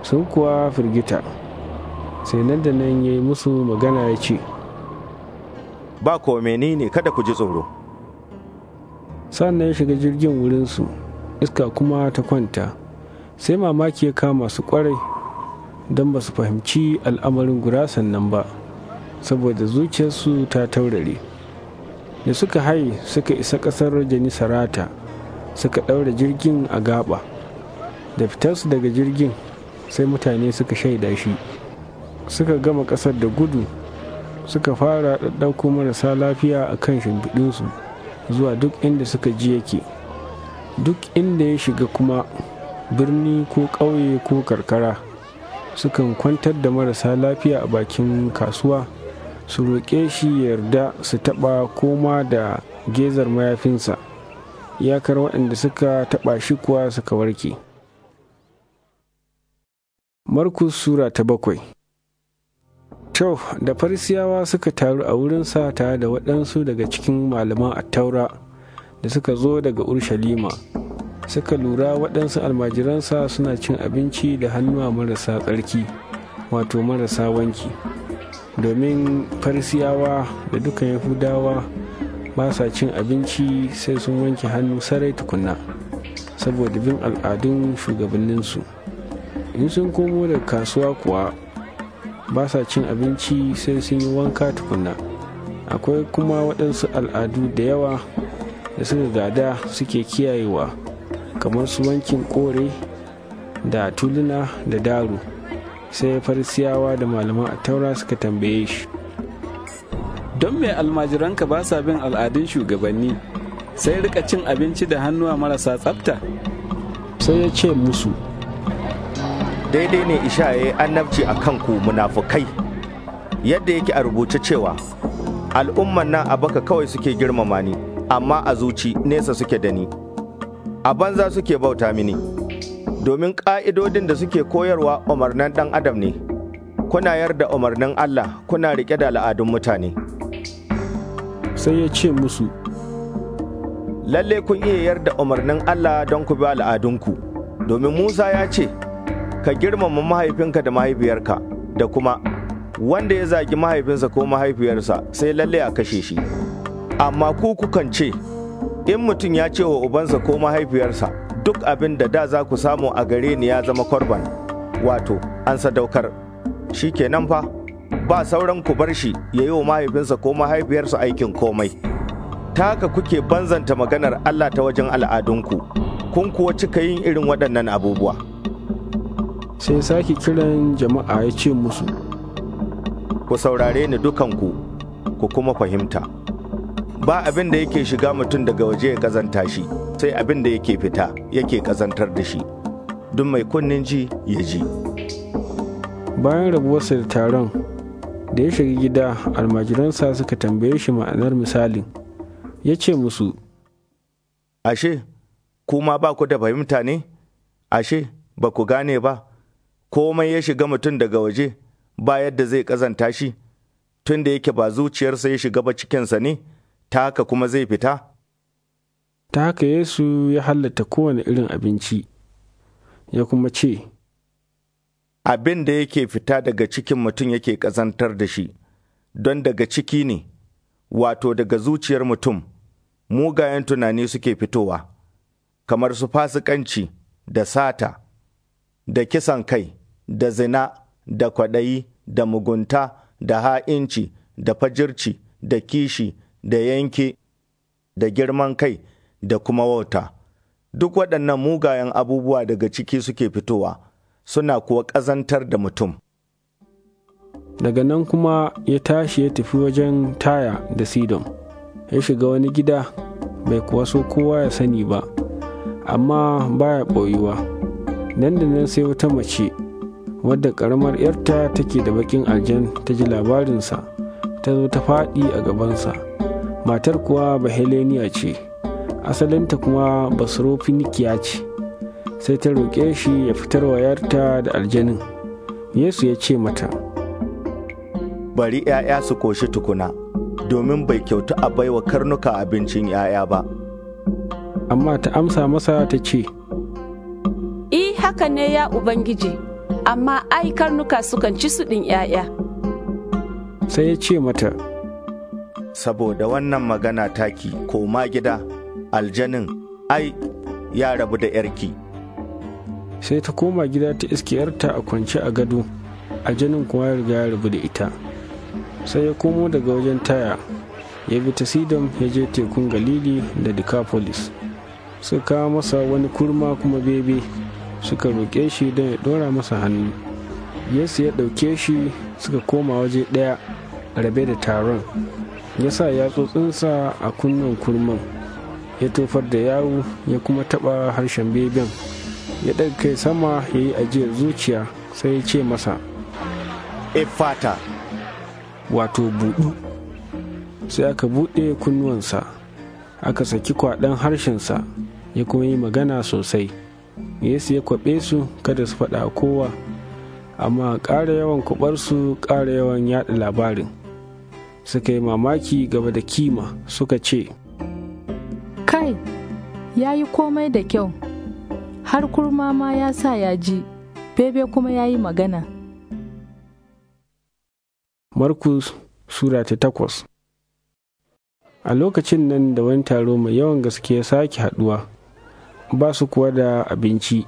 sun kuwa firgita sai nan da nan ya yi musu magana ya ce ba ko ni ne kada ku ji tsoro sannan ya shiga jirgin wurinsu iska kuma ta kwanta sai mamaki ya kama su kwarai don ba su fahimci al'amarin gurasan nan ba saboda zuciyarsu ta taurare da suka hai suka isa ƙasar sarata, suka ɗaura jirgin a gaba da fitarsu daga jirgin sai mutane suka shaida shi suka gama ƙasar da gudu suka fara ɗaɗɗauko marasa lafiya a kan shimfiɗinsu zuwa duk inda suka ji yake duk inda ya shiga kuma birni ko ƙauye ko karkara sukan kwantar da marasa lafiya a bakin kasuwa su roƙe shi yarda su taɓa koma da gezar mayafinsa iyakar waɗanda suka taɓa shi kuwa suka warke Markus Sura ta bakwai To, da farisiyawa suka taru a wurin tare da waɗansu daga cikin malaman attaura da suka zo daga Urshalima suka lura waɗansu almajiransa suna cin abinci da hannuwa marasa tsarki wato marasa wanki domin farisiyawa da dukan yahudawa ba sa cin abinci sai sun wanke hannu sarai tukunna saboda bin al'adun shugabanninsu in sun komo da kasuwa kuwa ba sa cin abinci sai sun yi wanka tukunna akwai kuma waɗansu al'adu da yawa da suka gada suke kiyayewa kamar su wankin kore da tuluna da daru sai farisiyawa da malaman taura suka tambaye shi don mai almajiranka ba sa bin al'adun shugabanni sai rika cin abinci da hannuwa marasa tsafta sai ya ce musu daidai ne isha ya yi annabci a kanku munafukai yadda yake a rubuce cewa al'umman nan a baka kawai suke girmama ni amma a zuci nesa suke da ni a banza suke bauta mini, domin ƙa'idodin da suke koyarwa umarnan ɗan adam ne, kuna yarda umarnan Allah kuna riƙe da al'adun mutane. Sai ya ce musu, Lalle kun iya yarda umarnin Allah don ku bi al'adunku, domin Musa ya ce, Ka girmama mahaifinka da mahaifiyarka, da kuma, wanda ya zagi mahaifinsa ko mahaifiyarsa sai lalle a kashe shi, amma ku kukan ce, in mutum ya ce wa ubansa ko mahaifiyarsa duk abin da da za ku samu a gare ni ya zama korban wato an sadaukar shi kenan fa ba sauran ku bar shi ya yi wa mahaifinsa ko mahaifiyarsa aikin komai ta haka kuke banzanta maganar Allah ta wajen al'adunku kun kuwa cika yin irin waɗannan abubuwa sai sake kiran jama'a ya ce musu ku saurare ni dukanku ku kuma fahimta. ba abin da yake shiga mutum daga waje ya kazanta shi sai abin da yake fita yake kazantar da shi duk mai kunnin ji ya ji bayan rabuwarsa da taron da ya shiga gida almajiransa suka tambaye shi ma'anar misalin ya ce musu ashe kuma ba ku da fahimta ne ashe ba ku gane ba komai ya shiga mutum daga waje ba yadda zai kazanta shi tun da yake ba zuciyarsa ya shiga ba cikinsa ne ta haka kuma zai fita? Ta haka Yesu ya halatta kowane irin abinci, ya kuma ce, Abin da yake fita daga cikin mutum yake ƙazantar da shi, don daga ciki ne, wato daga zuciyar mutum, mugayen tunani suke fitowa, kamar su fasikanci da sata, da kisan kai, da zina, da kwaɗayi, da mugunta, da ha'inci, da fajirci, da kishi, da yanke da girman kai da kuma wauta duk waɗannan mugayen abubuwa daga ciki suke fitowa suna kuwa ƙazantar da mutum daga nan kuma ya tashi ya tafi wajen taya da sidon ya shiga wani gida bai kuwa so kowa ya sani ba amma baya ɓoyuwa nan da nan sai wata mace wadda ƙaramar 'yarta take da bakin aljan ta ji labarinsa ta zo ta faɗi a gabansa matar kuwa baHelenia ce asalinta kuma basrofinikiya ce sai ta roƙe shi ya fitar wa yarta da aljanin yesu ya ce mata bari 'ya'ya su koshi tukuna domin bai kyautu a baiwa karnuka abincin 'ya'ya ba amma ta amsa masa ta ce I haka ne ya Ubangiji, amma ai karnuka sukan ci suɗin ‘ya'ya. Sai ya ce mata, saboda wannan magana taki koma gida aljanin ai ya rabu da yarki sai ta koma gida ta iske yarta a kwance a gado aljanin kuma ya riga ya rabu da ita sai ya komo daga wajen taya ya bi ta sidon ya je tekun galili da decapolis su kawo masa wani kurma kuma bebe suka roƙe shi don ya ɗora masa hannu yesu ya ɗauke shi suka koma waje ɗaya rabe da taron ya sa yatsotsinsa a kunnen kurman ya tofar da yawo ya kuma taɓa harshen beben ya ɗaga kai sama ya yi ajiyar zuciya sai ya ce masa efata wato buɗu sai aka buɗe kunnuwansa aka saki kwaɗan harshensa ya kuma yi magana sosai yesu ya kwaɓe su kada su faɗa kowa amma ƙara yawan kwaɓarsu ƙara yawan yaɗa labarin suka yi mamaki gaba da kima suka ce kai ya yi komai da kyau har kurma ma ya sa ya ji bebe kuma ya yi magana markus sura ta takwas a lokacin nan da wani taro mai yawan gaske ya sake haduwa ba su kuwa da abinci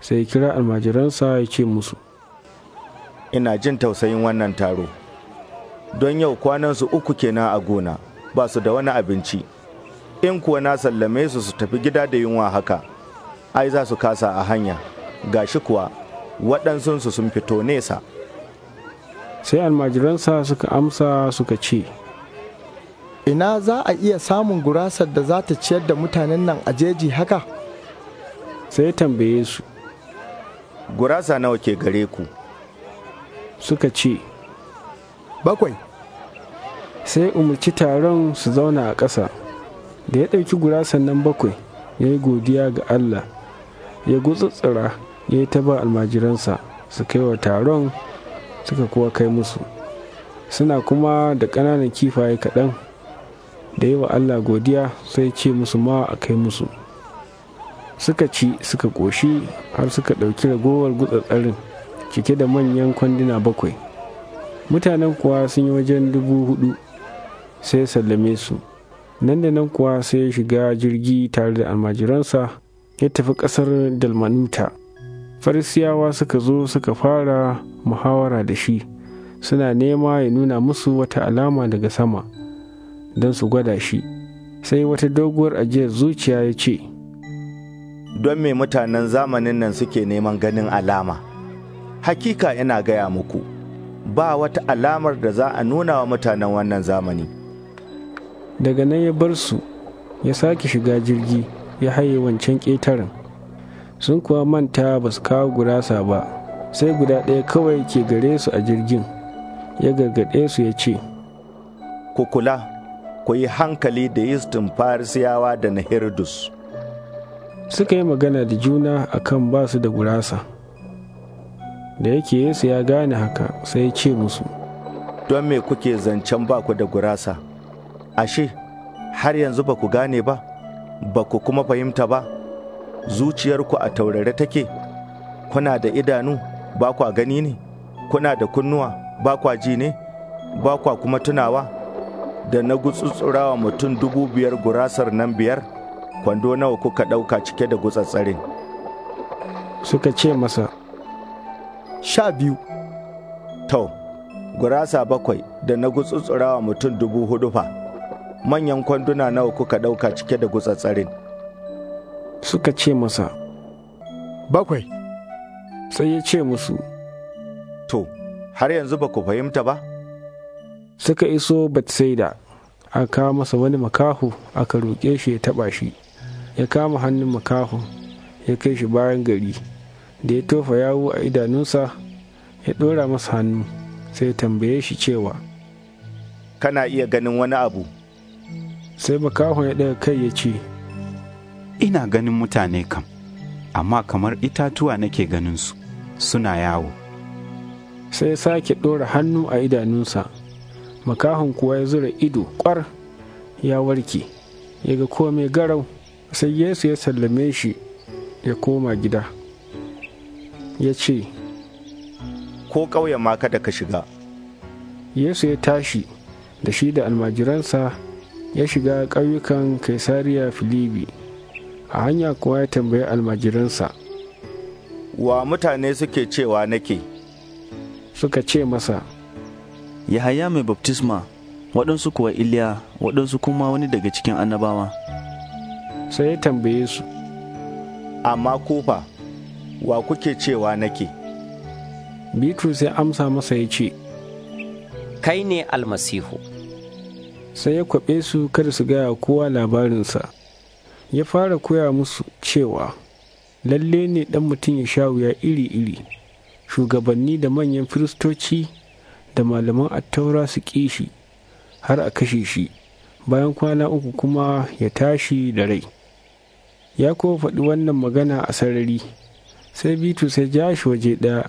sai kira almajiransa ya ce musu ina jin tausayin wannan taro don yau kwanansu uku kenan a gona ba su da wani abinci in kuwa na sallame su su tafi gida da yunwa haka ai za su kasa a hanya gashi kuwa waɗansunsu sun fito nesa sai almajiransa suka amsa suka ce ina za a iya samun gurasar da za ta ciyar da mutanen nan a jeji haka sai tambaye su gurasa nawa ke gare ku suka ce bakwai sai umarci taron su zauna a ƙasa da ya ɗauki gura sannan bakwai ya yi godiya ga allah ya gutsutsura ya yi ta almajiransa su kai wa taron suka kuwa kai musu suna kuma da ƙananan kifaye kaɗan da yi wa allah godiya sai ce musu ma a kai musu suka ci suka ƙoshi har suka ɗauki ragowar gutsatsarin cike da manyan kwanduna bakwai mutanen kuwa sun yi wajen dubu hudu sai sallame su nan da nan kuwa sai ya shiga jirgi tare da almajiransa ya tafi ƙasar dalmanuta farisiyawa suka zo suka fara muhawara da shi suna nema ya nuna musu wata alama daga sama don su gwada shi sai wata doguwar ajiyar zuciya ya ce don me mutanen zamanin nan suke neman ganin alama hakika ina gaya muku ba wata alamar da za a nuna wa mutanen wannan zamani daga nan ya bar su ya sake shiga jirgi ya haye wancan ƙetaren sun kuwa manta ba su kawo gurasa ba sai guda ɗaya kawai ke gare su a jirgin ya gargaɗe su ya ce ku kula ku yi hankali da yistin farisiyawa da na hirdus suka yi magana da juna akan ba su da gurasa da yake yesu ya gane haka sai ce musu don me kuke zancen ba ku da gurasa ashe har yanzu ba ku gane ba ba ku kuma fahimta ba zuciyarku a taurare take kuna da idanu ba kwa gani ne kuna da kunnuwa ba kwa ji ne ba kwa kuma tunawa da na gutsutsurawa mutum dubu biyar gurasar nan biyar kwando nawa kuka ɗauka cike da gutsatsarin suka ce masa sha biyu to gurasa bakwai da na gutsutsurawa mutum dubu hudu fa manyan kwanduna nawa kuka ɗauka cike da gutsatsarin suka ce masa bakwai sai ya ce musu to har yanzu ba ku fahimta ba suka iso batsaida a kawo masa wani makahu aka roƙe shi ya taɓa shi ya kama hannun makahu ya kai shi bayan gari da ya tofa yawo a idanunsa ya ɗora masa hannu sai ya tambaye shi cewa kana iya ganin wani abu sai makahon ya ɗaga kai ya ce ina ganin mutane kam amma kamar itatuwa nake ganin su suna yawo sai ya sake ɗora hannu a idanunsa makahon kuwa ya zura ido kwar ya warke yaga ga komai garau sai yesu ya sallame shi ya koma gida ya ce, Ko ƙauyen ma kada ka shiga. Yesu ya tashi da shi da almajiransa ya shiga ƙauyukan Kaisariya Filibi, a hanya kuwa ya tambayi almajiransa. Wa mutane suke cewa nake? Suka ce masa, Yahaya mai baftisma, waɗansu kuwa Iliya, waɗansu kuma wani daga cikin annabawa. Sai ya tambaye su. Amma kofa. wa kuke cewa nake bitrus ya amsa masa ya ce kai ne almasihu sai ya kwaɓe su kada su gaya kowa labarinsa ya fara koya musu cewa lalle ne ɗan mutum ya sha wuya iri-iri shugabanni da manyan firistoci da malaman attaura su ƙi shi har a kashe shi bayan kwana uku kuma ya tashi da rai ya kuma faɗi wannan magana a sarari sai bitus ya ja shi waje ɗaya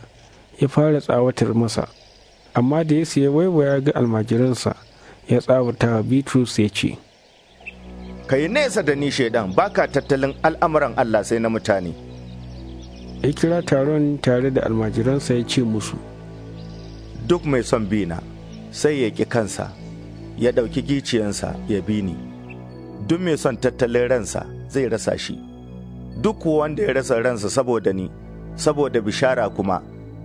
ya fara tsawatar masa amma da ya siya waiwaya ga almajiransa ya tsawata bitus ya ce ka yi nesa da ni shaidan baka tattalin al'amuran allah sai na mutane ya kira taron tare da almajiransa ya ce musu duk mai son bina sai ya ƙi kansa ya ɗauki giciyansa ya bi ni duk mai son tattalin ransa zai rasa shi duk wanda ya rasa ransa saboda ni, saboda bishara kuma,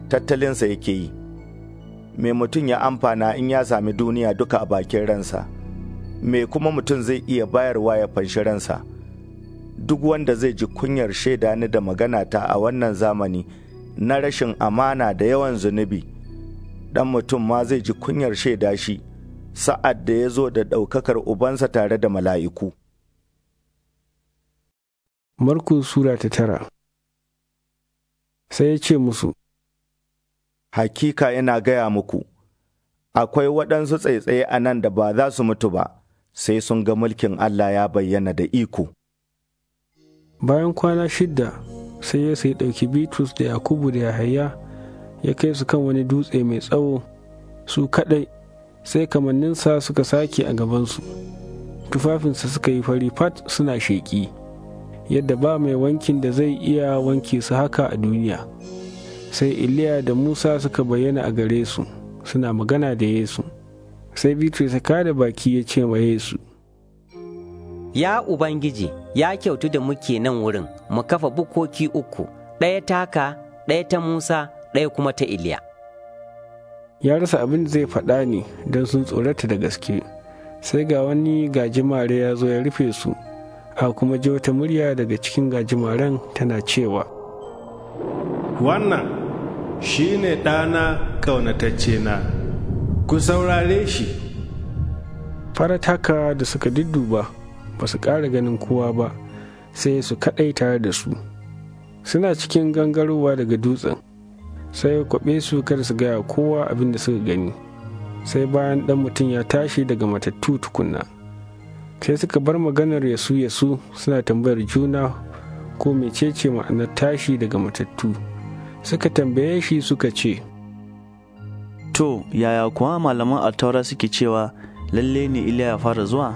tattalinsa yake yi. Me mutum ya amfana in ya sami duniya duka a bakin ransa, me kuma mutum zai iya bayarwa ya fanshi ransa. Duk wanda zai ji kunyar shaida ni da magana ta a wannan zamani na rashin amana da yawan zunubi, ɗan mutum ma zai ji kunyar shaida shi sa'ad da ya zo da ɗaukakar Ubansa tare da mala'iku. Markus Sura ta tara Sai ya ce musu, Hakika ina gaya muku, akwai waɗansu tsaitsaye a nan da ba za su mutu ba, sai sun ga mulkin Allah ya bayyana da iko. Bayan kwana shidda, sai ya sayi ɗauki Bitrus da Yakubu da Yahaya ya kai su kan wani dutse mai tsawo, su kaɗai, sai kamanninsa suka sake a gabansu, tufafinsa suka yi fari fat suna sheƙi. yadda ba mai wankin da zai iya wanke su haka a duniya sai iliya da musa suka bayyana a gare su suna magana da yesu sai bitrus ya kada baki ya ce wa yesu ya ubangiji ya kyautu da muke nan wurin mu kafa bukoki uku ɗaya taka ɗaya ta musa ɗaya kuma ta iliya ya rasa abin da zai faɗa ne don sun tsorata da gaske sai ga wani gajimare ya zo ya rufe su a kuma ji wata murya daga cikin gajimaren tana cewa wannan shi ne ɗana ƙaunatacce na ku saurare shi farat haka da suka dudduba ba su ƙara ganin kowa ba sai su kaɗai tare da su suna cikin gangarowa daga dutsen sai kwaɓe su kada su gaya kowa abin da suka gani sai bayan ɗan mutum ya tashi daga matattu tukunna. sai suka bar maganar yasu yasu suna tambayar juna ko mecece ma'anar tashi daga matattu suka tambaye shi suka ce to yaya kuwa malaman altaura suke cewa lalle ne iliya ya fara zuwa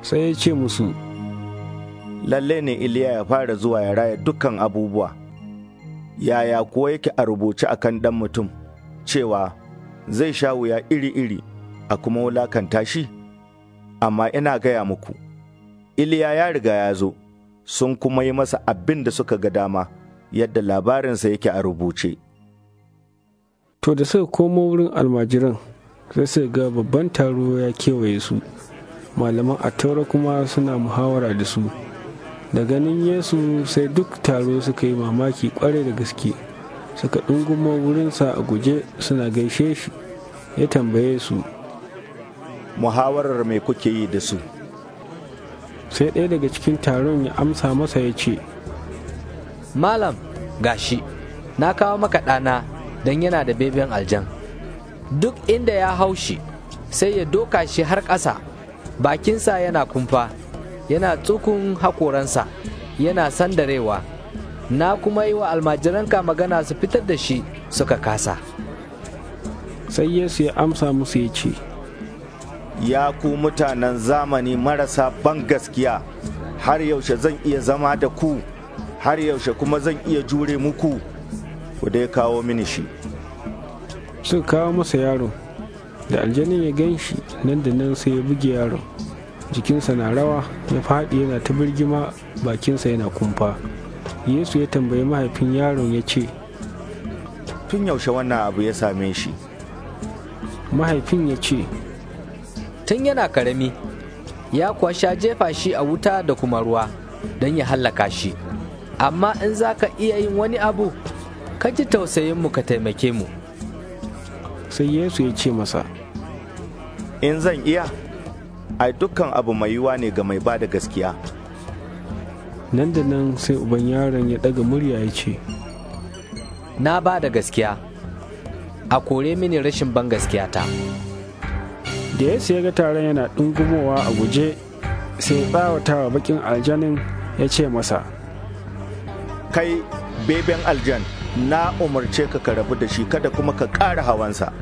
sai ya ce musu lalle ne iliya ya fara zuwa ya raya dukkan abubuwa yaya kuwa yake a rubuce a kan 'dan mutum cewa zai sha wuya iri-iri a kuma wulakanta shi? amma ina gaya muku, Iliya ya riga ya zo, sun kuma yi masa abin da suka ga dama, yadda labarinsa yake a rubuce. To da suka komo wurin almajiran, sai sai ga babban taro ya kewaye su, malaman a taura kuma suna muhawara da su. Da ganin Yesu sai duk taro suka yi mamaki kwarai da gaske, suka ɗungumo wurinsa a guje suna gaishe shi, ya tambaye su. muhawarar mai kuke yi da su sai ɗaya daga cikin taron ya amsa masa ya ce malam gashi na kawo maka ɗana don yana da beben aljan duk inda ya haushi sai ya doka shi har ƙasa bakinsa yana kumfa yana tsukun hakoransa yana sandarewa na kuma yi wa almajiranka magana su fitar da shi suka kasa sai yesu ya amsa musu ya ce ya ku mutanen zamani marasa ban gaskiya har yaushe zan iya zama da ku har yaushe kuma zan iya jure muku ku dai kawo mini shi suka kawo masa yaro da aljanin ya gan shi nan da nan sai ya buge yaro jikinsa na rawa ya faɗi yana ta birgima bakinsa yana kumfa yesu ya tambayi mahaifin yaron ya ce tun yaushe wannan abu ya same shi mahaifin ya ce tun yana karami ya kwasha jefa shi a wuta da kuma ruwa don ya hallaka shi amma in za ka iya yin wani abu ka ji tausayinmu ka taimake mu sai yesu ya ce masa in zan iya ai dukkan abu mai yiwa ne ga mai ba da gaskiya nan da nan sai uban yaron ya ɗaga murya ya ce na ba da gaskiya a kore mini rashin ban gaskiya ta da ya ga taron yana ɗungumowa a guje sai tsawatawa bakin aljanin ya ce masa kai beben aljan na umarce ka ka rabu da shi kada kuma ka ƙara hawansa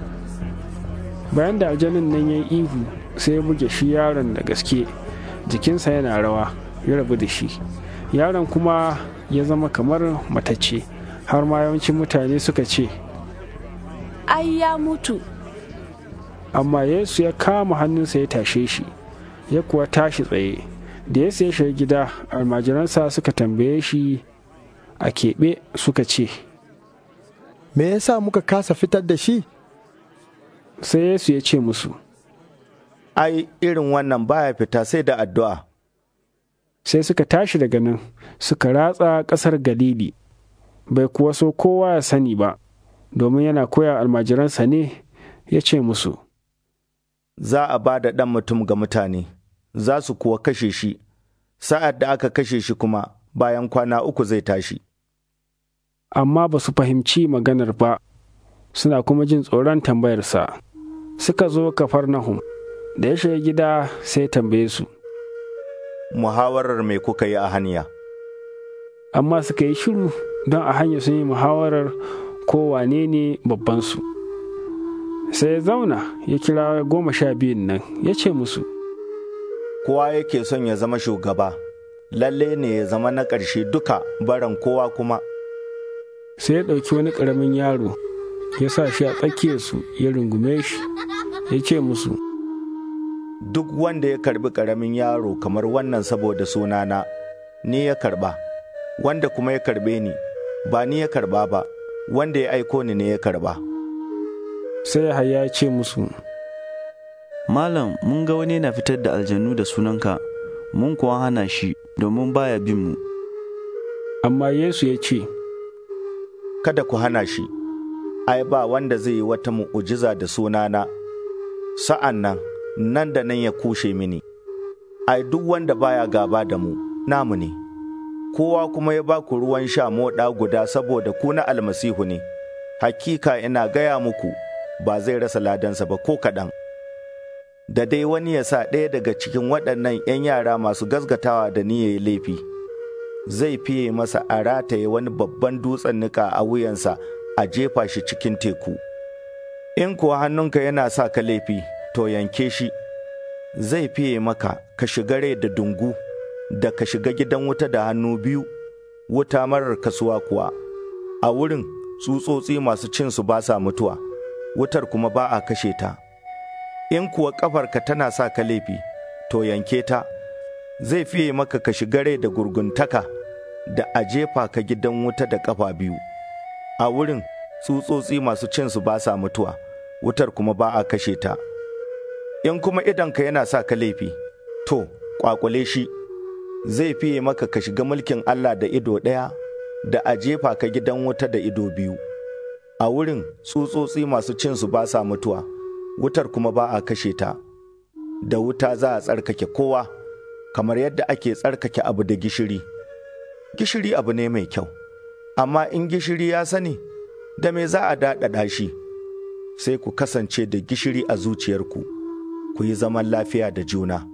bayan da aljanin nan ya yi ihu sai ya buge shi yaron da gaske jikinsa yana rawa ya rabu da shi yaron kuma ya zama kamar matacce har ma yawancin mutane suka ce ai ya mutu amma yesu ya kama hannunsa ya tashe shi ya kuwa tashi tsaye da yesu ya shiga gida almajiransa suka tambaye shi a keɓe suka ce me yasa muka kasa fitar da shi sai yesu ya ce musu ai irin wannan baya fita sai da addu'a sai suka tashi daga nan suka ratsa ƙasar galili bai kuwa so kowa ya sani ba domin yana koya almajiransa ne ya ce musu za a ba da ɗan mutum ga mutane, za su kuwa kashe shi, sa'ad da aka kashe shi kuma bayan kwana uku zai tashi. Amma ba su fahimci maganar ba, suna kuma jin tsoron tambayarsa. Suka zo Kafarnahum, da ya shiga gida sai tambaye su. Muhawarar mai kuka yi a hanya. Amma suka yi shiru don a hanya sun yi muhawarar ko wane ne babbansu. sai ya zauna ya kira goma sha biyun nan ya ce musu kowa yake son ya zama shugaba lalle ne ya zama na ƙarshe duka baran kowa kuma sai ya ɗauki wani ƙaramin yaro ya sa shi a tsakiyarsu ya rungume shi ya ce musu duk wanda ya karbi ƙaramin yaro kamar wannan saboda sunana ni ya karba wanda kuma ya karbe ni ba ni ya karba ba wanda ya aiko ni ne ya karba sai Yahaya ya ce musu, Malam mun ga wani na fitar da aljanu da sunanka, mun kuwa hana shi domin baya bin mu. Amma Yesu ya ce, Kada ku hana shi, ai ba wanda zai yi wata mu'ujiza da sunana, sa'an nan nan da nan ya kushe mini, ai duk wanda baya gaba da mu, namu ne. kowa kuma ya ba ku ruwan sha moɗa guda saboda ku na almasihu ne, hakika ina gaya muku. ba zai rasa ladansa ba ko kaɗan. Da dai wani ya sa ɗaya daga cikin waɗannan ‘yan yara masu gasgatawa da ni ya yi laifi, zai fiye masa a rataye wani babban dutsen nika a wuyansa a jefa shi cikin teku. In kuwa hannunka yana sa ka laifi, to yanke shi, zai fiye maka ka shiga rai da dungu, da ka shiga gidan wuta da hannu biyu, wuta marar kasuwa kuwa, a wurin tsutsotsi masu cinsu ba sa mutuwa. wutar kuma ba a kashe ta. In kuwa ƙafarka tana sa ka laifi, to yanke ta, zai fiye maka ka shiga da gurguntaka da a jefa ka gidan wuta da ƙafa biyu. A wurin tsutsotsi masu cinsu ba sa mutuwa, wutar kuma ba a kashe ta. In kuma idanka yana sa ka laifi, to, ƙwaƙule shi, zai fiye maka ka shiga mulkin Allah da ido ɗaya, da a jefa ka gidan wuta da ido biyu. a wurin tsutsotsi masu cin su ba sa mutuwa wutar kuma ba a kashe ta da wuta za a tsarkake kowa kamar yadda ake tsarkake abu da gishiri gishiri abu ne mai kyau amma in gishiri ya sani da me za a daɗaɗa shi sai ku kasance da gishiri a zuciyarku ku yi zaman lafiya da juna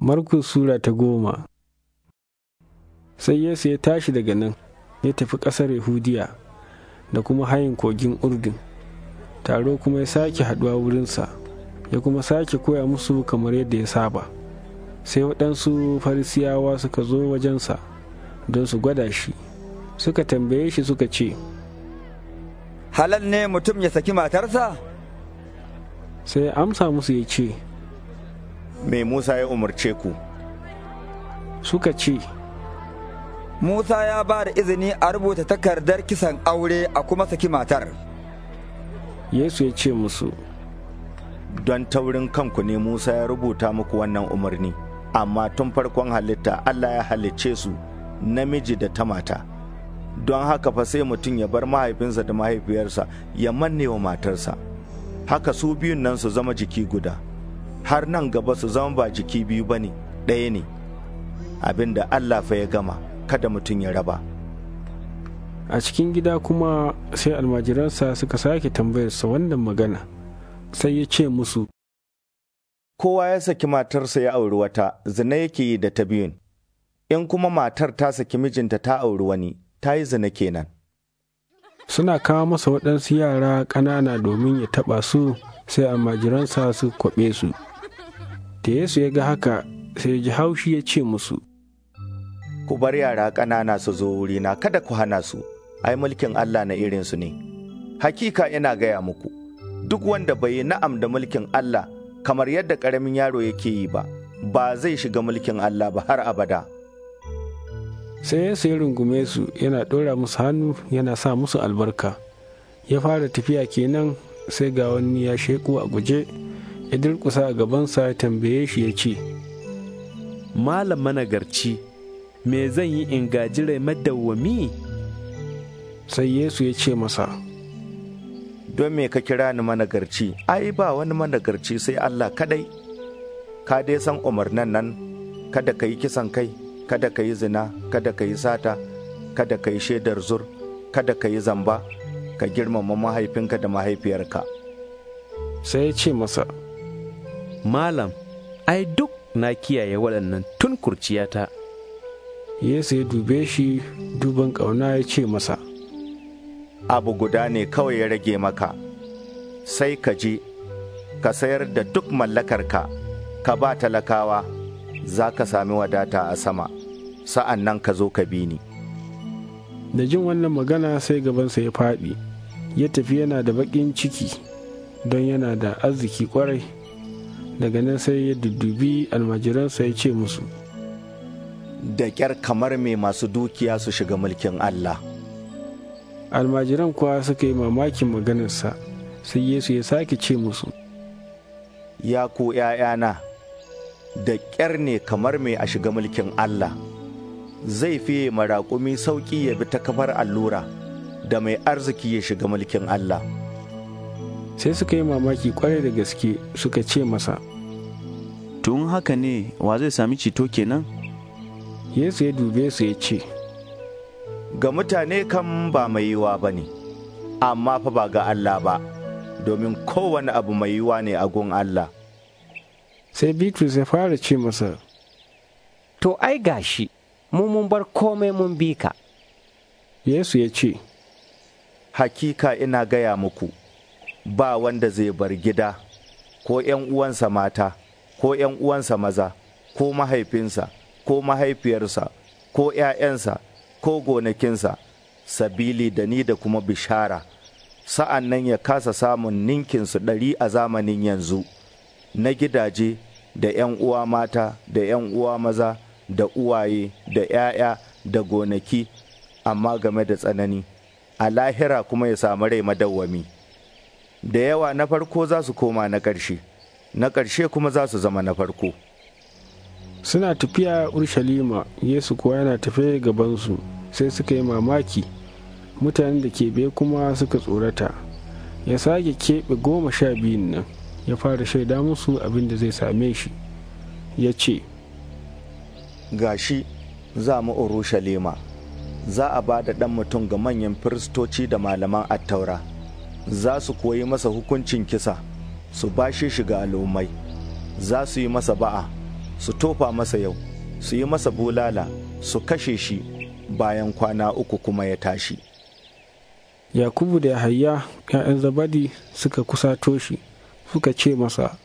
Markus Sura ta goma Sai Yesu ya tashi daga nan ya tafi ƙasar yahudiya da kuma hayin kogin urdun taro kuma ya sake haɗuwa wurinsa ya kuma sake koya musu kamar yadda ya saba sai waɗansu farisiyawa suka zo wajensa don su gwada shi suka tambaye shi suka ce halal ne mutum ya saki matarsa sai amsa musu ya ce me musa ya umarce ku suka ce Musa ya ba da izini a rubuta takardar kisan aure a kuma saki matar. Yesu ya ce musu, Don taurin kanku ne Musa ya rubuta muku wannan umarni, amma tun farkon halitta Allah ya halicce su namiji da ta mata. Don haka fa sai mutum ya bar mahaifinsa da mahaifiyarsa ya manne wa matarsa, haka su biyun nan su zama jiki guda, har nan gaba su zama ba jiki biyu ba ne, ɗaya ne, abin da Allah fa ya gama. kada mutum ya raba a cikin gida kuma sai almajiransa suka sake tambayarsa wannan magana sai ya ce musu kowa ya saki matarsa ya auri wata zina yake yi da ta biyun in kuma matar ta saki mijinta ta auri wani ta yi zina kenan suna kawo masa waɗansu yara ƙanana domin ya taɓa su sai almajiransa su kwaɓe su da yesu ya ga haka sai ji haushi ya ce musu ku bar yara ƙanana su zo wurina kada ku hana su, ai mulkin Allah na irinsu ne. Hakika ina gaya muku, duk wanda bai na'am da mulkin Allah kamar yadda ƙaramin yaro yake yi ba, ba zai shiga mulkin Allah ba har abada. Sai Yesu ya rungume su yana ɗora musu hannu yana sa musu albarka. Ya fara tafiya kenan sai ga wani ya sheku a guje, ya durkusa a gabansa ya tambaye shi ya ce, Malam managarci me zan yi in gaji rai madawwami sai yesu ya ce masa don me ka kira ni managarci ai ba wani managarci sai allah kadai ka dai san umarnan nan kada ka yi kisan kai kada ka yi zina kada ka yi sata kada ka yi shaidar zur kada ka yi zamba ka girmama mahaifinka da mahaifiyarka sai ya ce masa malam ai duk na kiyaye waɗannan tun kurciyata yesu ya dube shi duban ƙauna ya ce masa abu guda ne kawai ya rage maka sai ka je ka sayar da duk mallakarka ka ba talakawa za ka sami wadata a sama sa'an nan ka zo ka bi ni da jin wannan magana sai gabansa ya faɗi ya tafi yana da baƙin ciki don yana da arziki ƙwarai daga nan sai ya dudubi almajiransa ya ce musu da ƙyar kamar mai masu dukiya su shiga mulkin Allah. Almajiran kuwa suka yi mamakin maganarsa, sai Yesu ya sake ce musu. Ya ku ’ya'yana, da ƙyar ne kamar mai a shiga mulkin Allah, zai fiye maraƙumi sauƙi ya bi ta kafar allura, da mai arziki ya shiga mulkin Allah. Sai suka yi mamaki kwarai da gaske suka ce masa. Tun haka ne wa zai sami ceto kenan? Yesu ya dube su ya ce, Ga mutane kan ba mai yiwa ba ne, amma fa ba ga Allah ba, domin kowane abu mai yiwa ne a gun Allah. Sai Bitrus ya fara ce masa, To ai gashi, mu mun bar komai mun bi ka. Yesu ya ce, Hakika ina gaya muku, ba wanda zai bar gida, ko ’yan uwansa mata, ko ’yan uwansa maza, ko mahaifinsa. ko mahaifiyarsa ko ’ya'yansa ko gonakinsa sabili da ni da kuma bishara sa'an nan ya kasa samun ninkinsu ɗari a zamanin yanzu na gidaje da ’yan uwa mata da ’yan uwa maza da uwaye da ’ya'ya da gonaki amma game da tsanani a lahira kuma ya samu rai madawwami da yawa na farko za su koma na ƙarshe na ƙarshe kuma za su zama na farko. suna tafiya urshalima yesu kuwa yana tafe gabansu sai suka yi mamaki mutanen da ke bai kuma suka tsorata ya sake keɓe goma sha biyun nan ya fara shaida musu abin da zai same shi ya ce gashi za mu urushalima za a ba da ɗan mutum ga manyan firistoci da malaman attaura za su koyi masa hukuncin kisa su bashe shi ga al'ummai za su yi masa ba'a su tofa masa yau su yi masa bulala su kashe shi bayan kwana uku kuma ya tashi yakubu da yahaya ya'yan zabadi suka kusa toshi, suka ce masa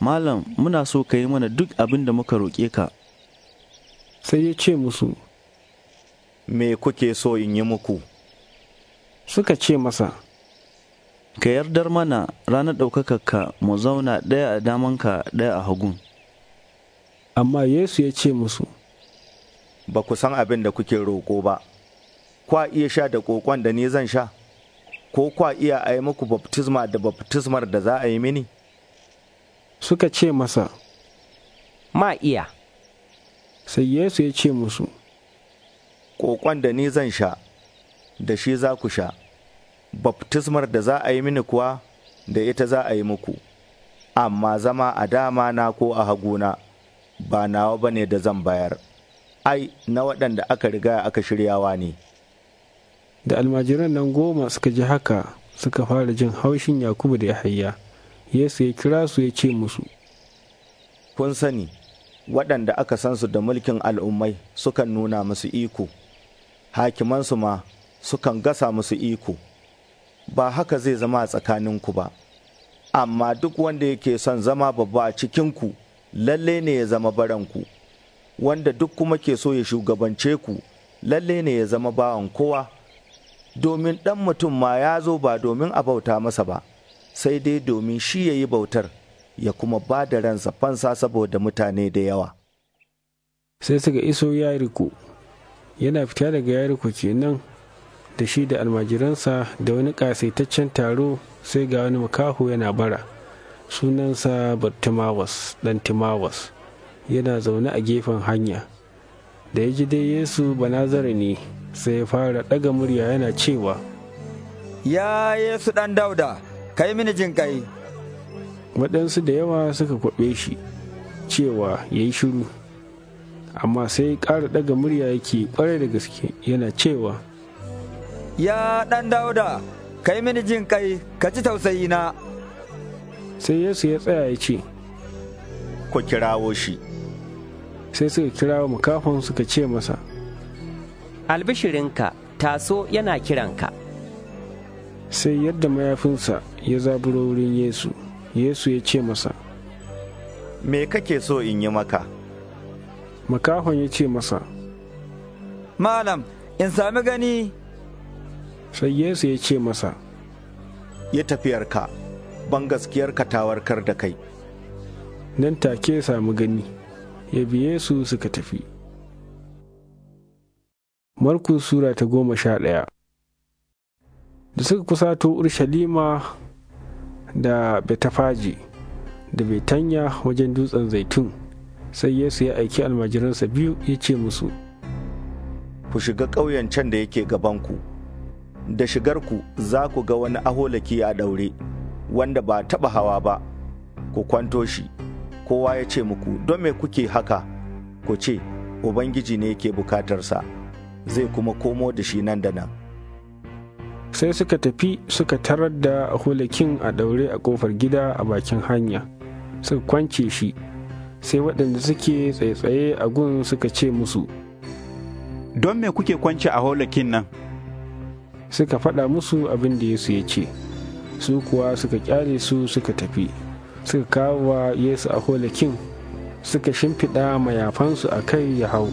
malam muna so ka yi mana duk abin da muka roƙe ka sai ya ce musu me kuke so in yi muku suka ce masa ka yardar mana ranar ɗaukakarka mu zauna ɗaya a damanka ɗaya a hagun Amma Yesu ya ce musu, Ba ku san abin da kuke roƙo ba, kwa iya sha da ƙoƙon da ni zan sha, ko kwa iya a yi muku baptisma da baptismar da za a yi mini? Suka ce masa, Ma iya. Sai Yesu ya ce musu, Ƙoƙon da ni zan sha, da shi za ku sha, baptismar da za a yi mini kuwa da ita za a yi muku, amma zama a dama na ko a haguna. ba nawa ba ne da zan bayar, ai, na waɗanda aka riga aka shiryawa ne. Da almajiran nan goma suka ji haka suka fara jin haushin Yakubu da Yahaya, Yesu ya kira su ya ce musu. Kun sani, waɗanda aka san su da mulkin al'ummai sukan nuna musu iko, hakimansu ma sukan gasa musu iko, ba haka zai zama a tsakaninku ba. amma duk wanda yake son zama babba a cikinku lalle ne ya zama baranku, wanda duk kuma ke so ya shugabance ku, lalle ne ya zama bawan kowa, domin ɗan mutum ma ya zo ba domin a bauta masa ba, sai dai domin shi ya yi bautar, ya kuma ba da ransa fansa saboda mutane da yawa. Sai suka iso yariko, yana fita daga yariko kenan da shi da almajiransa da wani ƙasaitaccen taro sai ga wani makaho yana bara. sunansa Bartimawas, ɗan timawas yana zaune a gefen hanya da ya ji dai yesu banazare ne sai ya fara ɗaga murya yana cewa ya yesu ɗan dauda kai mini jin kai waɗansu da yawa suka kwaɓe shi cewa ya yi shiru amma sai ƙara ɗaga murya yake ƙwarai da gaske yana cewa ya ɗan dauda kai mini jin kai ka ci tausayi na sai yesu ya tsaya ya ce ku kirawo shi sai suka kirawo makafin suka ce masa albishirinka taso yana kiranka sai yadda mayafinsa ya zaburo wurin yesu yesu ya ce masa me kake so in yi maka makahon ya ce masa malam in sami gani sai yesu ya ce masa yi tafiyarka gaskiyar ka tawarkar da kai nan take samu gani ya biye su suka tafi Markus Sura ta goma sha ɗaya Da suka kusato Urshalima da Betafaji da Betanya wajen dutsen zaitun sai Yesu ya aiki almajiransa biyu ya ce musu, Ku shiga ƙauyen can da yake gabanku, da shigarku za ku ga wani aholaki a ɗaure wanda ba taɓa hawa ba ku kwanto shi kowa ya ce muku don me kuke haka ku ce ubangiji ne ke bukatarsa zai kuma komo da shi nan da nan sai suka tafi suka tarar da hulakin a daure a kofar gida a bakin hanya suka kwance shi sai waɗanda suke tsaye-tsaye a gun suka ce musu don me kuke kwance a hulakin nan suka faɗa musu abin da yesu ya ce su kuwa suka kyale su suka tafi suka kawo wa yesu a holakin suka shimfiɗa mayafansu a kai ya hau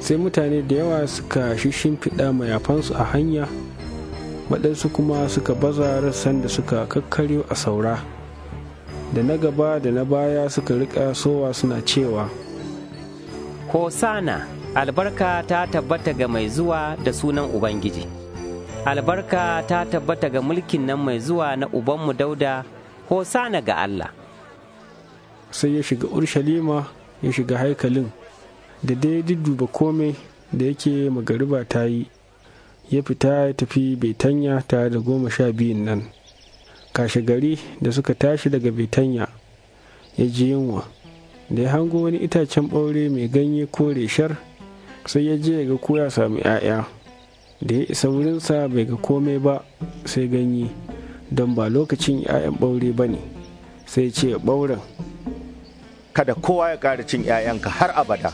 sai mutane da yawa suka shimfiɗa mayafansu a hanya waɗansu kuma suka baza rassan da suka kakkaryo a saura da na gaba da na baya suka riƙa sowa suna cewa hosana albarka ta tabbata ga mai zuwa da sunan ubangiji albarka ta tabbata ga mulkin nan mai zuwa na ubanmu dauda hosana ga Allah. Sai ya shiga Urshalima ya shiga haikalin da dai duba komai da yake magariba ta yi ya fita ya tafi betanya tare da goma sha biyun nan kashe gari da suka tashi daga betanya ya ji yunwa da ya hango wani itacen ɓaure mai ganye kore shar sai ya je ya ga koya sami 'ya'ya. da ya isa wurinsa bai ga komai ba sai ganye don ba lokacin 'ya'yan ɓaure ba ne sai ce ɓauren kada kowa ya ƙara cin 'ya'yanka har abada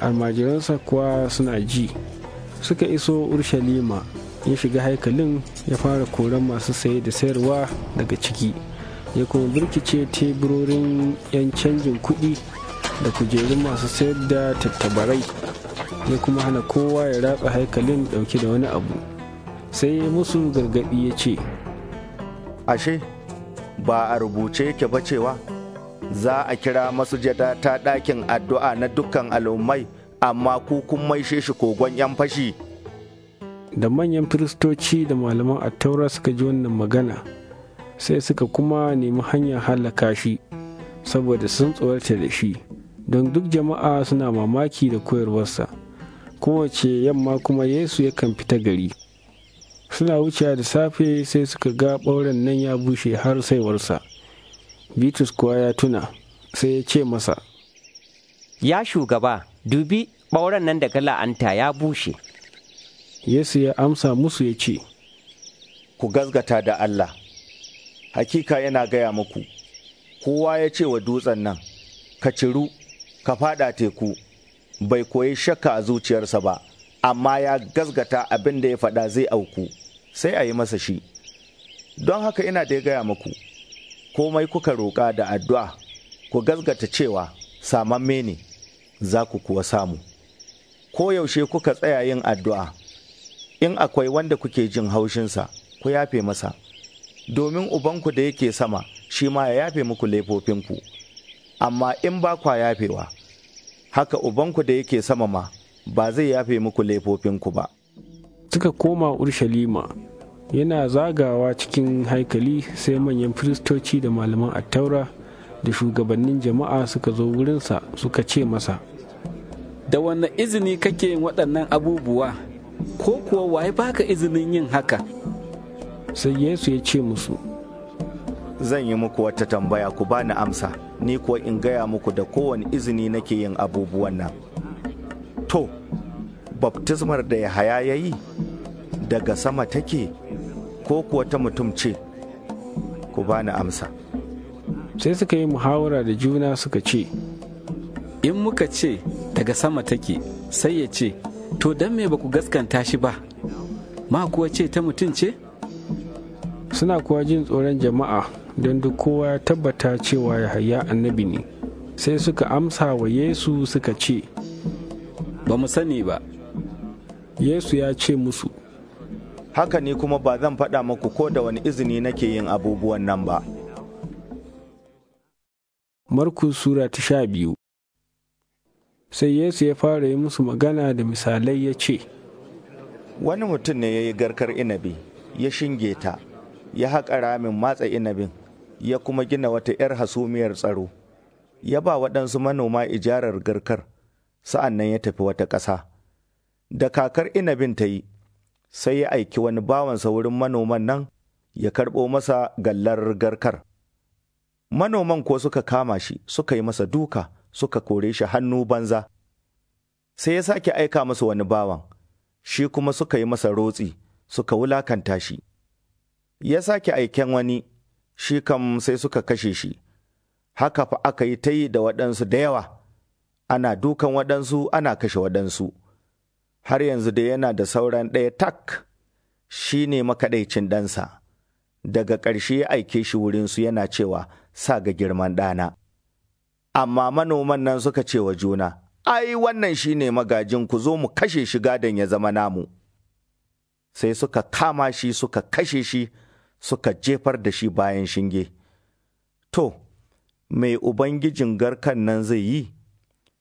almajiransa kuwa suna ji suka iso urshalima ya shiga haikalin ya fara koran masu saye da sayarwa daga ciki ya kuma birkice teburorin 'yan canjin kuɗi da kujerun masu sayar da tattabarai ya kuma hana kowa ya ratsa haikalin ɗauke da wani abu sai ya musu gargaɗi ya ce ashe ba a rubuce yake ba cewa za a kira jada ta ɗakin addu'a na dukkan al'ummai amma ku kun maishe shi kogon 'yan fashi da manyan firistoci da malaman attaura suka ji wannan magana sai suka kuma nemi hanyar halaka shi saboda sun tsorata da shi don duk jama'a suna mamaki da koyarwarsa. kowace yamma kuma yesu yakan fita gari suna wucewa da safe sai suka ga ɓauren nan ya bushe har saiwarsa bitus kuwa ya tuna sai ya ce masa ya shugaba dubi ɓauren nan ka la'anta ya bushe yesu ya amsa musu ya ce ku gazgata da allah hakika yana gaya muku kowa ya ce wa dutsen nan ka ciru ka fada teku bai koyi shakka a zuciyarsa ba amma ya gasgata abin da ya faɗa zai auku sai a yi masa shi don haka ina da ya gaya muku komai kuka roƙa da addu'a ku gasgata cewa samamme ne za ku kuwa samu Ko yaushe kuka tsaya yin addu'a in akwai wanda kuke jin haushinsa ku yafe masa domin ubanku da yake sama shi ma ya yafe muku laifofinku amma in ba kwa yafewa haka ubanku da yake sama ma ba zai yafe muku laifofinku ba. Suka koma Urshalima yana zagawa cikin haikali sai manyan firistoci da malaman attaura da shugabannin jama'a suka zo wurinsa suka ce masa. Da wanne izini kake yin waɗannan abubuwa, ko kuwa waye baka izinin yin haka? Sai Yesu ya ce musu. Zan yi muku wata tambaya ku bani amsa. ni kuwa in gaya muku da kowane izini nake yin abubuwan nan to baptismar da ya haya ya yi daga sama take ko kuwa ta mutum ce ku bani amsa sai suka yi muhawara da juna suka ce in muka ce daga sama take sai ya ce to don me ba ku gaskanta shi ba ma kuwa ce ta mutum ce suna kuwa jin tsoron jama'a don duk kowa ya tabbata cewa Yahaya annabi ne sai suka amsa wa Yesu suka ce ba mu sani ba Yesu ya ce musu haka ne kuma ba zan faɗa muku ko da wani izini nake yin abubuwan nan ba Markus Sura ta sha biyu Sai Yesu ya fara yi musu magana da misalai ya ce, Wani mutum ne ya yi garkar inabi, ya shinge ta, ya haƙa ramin matsa inabin, ya kuma gina wata 'yar hasumiyar tsaro ya ba waɗansu manoma ijarar garkar sa'an nan ya tafi wata ƙasa da kakar inabin ta yi sai ya aiki wani bawansa wurin manoman nan ya karɓo masa gallar garkar manoman ko suka kama shi suka yi masa duka suka kore shi hannu banza sai ya sake aika masa wani bawan shi kuma suka yi masa rotsi suka wulakanta shi ya sake aiken wani shi kam sai suka kashe shi, haka fa aka yi ta yi da waɗansu da yawa, ana dukan waɗansu ana kashe waɗansu, har yanzu da yana da sauran ɗaya tak shi ne makaɗaicin ɗansa, daga ƙarshe ya aike shi wurinsu yana cewa sa ga girman ɗana. Amma manoman nan suka ce wa juna, ai wannan shi ne magajin ku zo mu kashe shi gadon ya zama namu. Sai suka kama shi suka kashe shi. suka jefar da shi bayan shinge. To, mai Ubangijin garkan nan zai yi,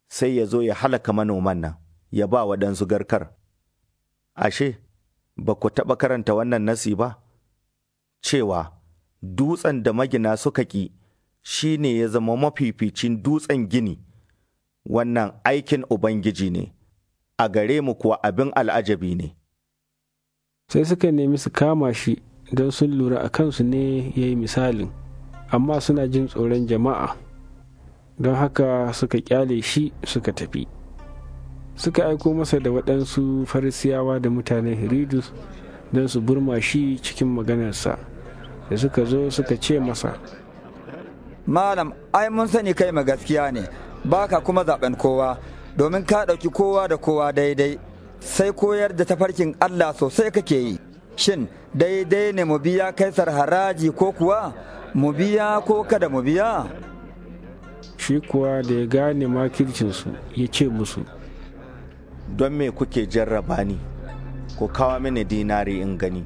sai ya zo ya halaka manoman nan, ya ba waɗansu garkar. Ashe, ba ku taɓa karanta wannan nasi ba? Cewa, dutsen da magina suka ƙi shi ne ya zama mafificin dutsen gini, wannan aikin Ubangiji ne, a gare mu kuwa abin al'ajabi ne. Sai suka nemi su kama shi. don sun lura a kansu ne ya yi misalin amma suna jin tsoron jama'a don haka suka kyale shi suka tafi suka aiko masa da waɗansu farisiyawa da mutanen hiridus don su burma shi cikin maganarsa da suka zo suka ce masa malam ai mun sani kai ma gaskiya ne baka kuma zaben kowa domin ka ɗauki kowa da kowa daidai sai koyar da tafarkin allah sosai kake yi shin daidai ne mu biya kaisar haraji ko kuwa mu biya ko kada mu biya shi kuwa da ya gane makircinsu ya ce musu don me kuke jarraba ni ku kawo mini dinari in gani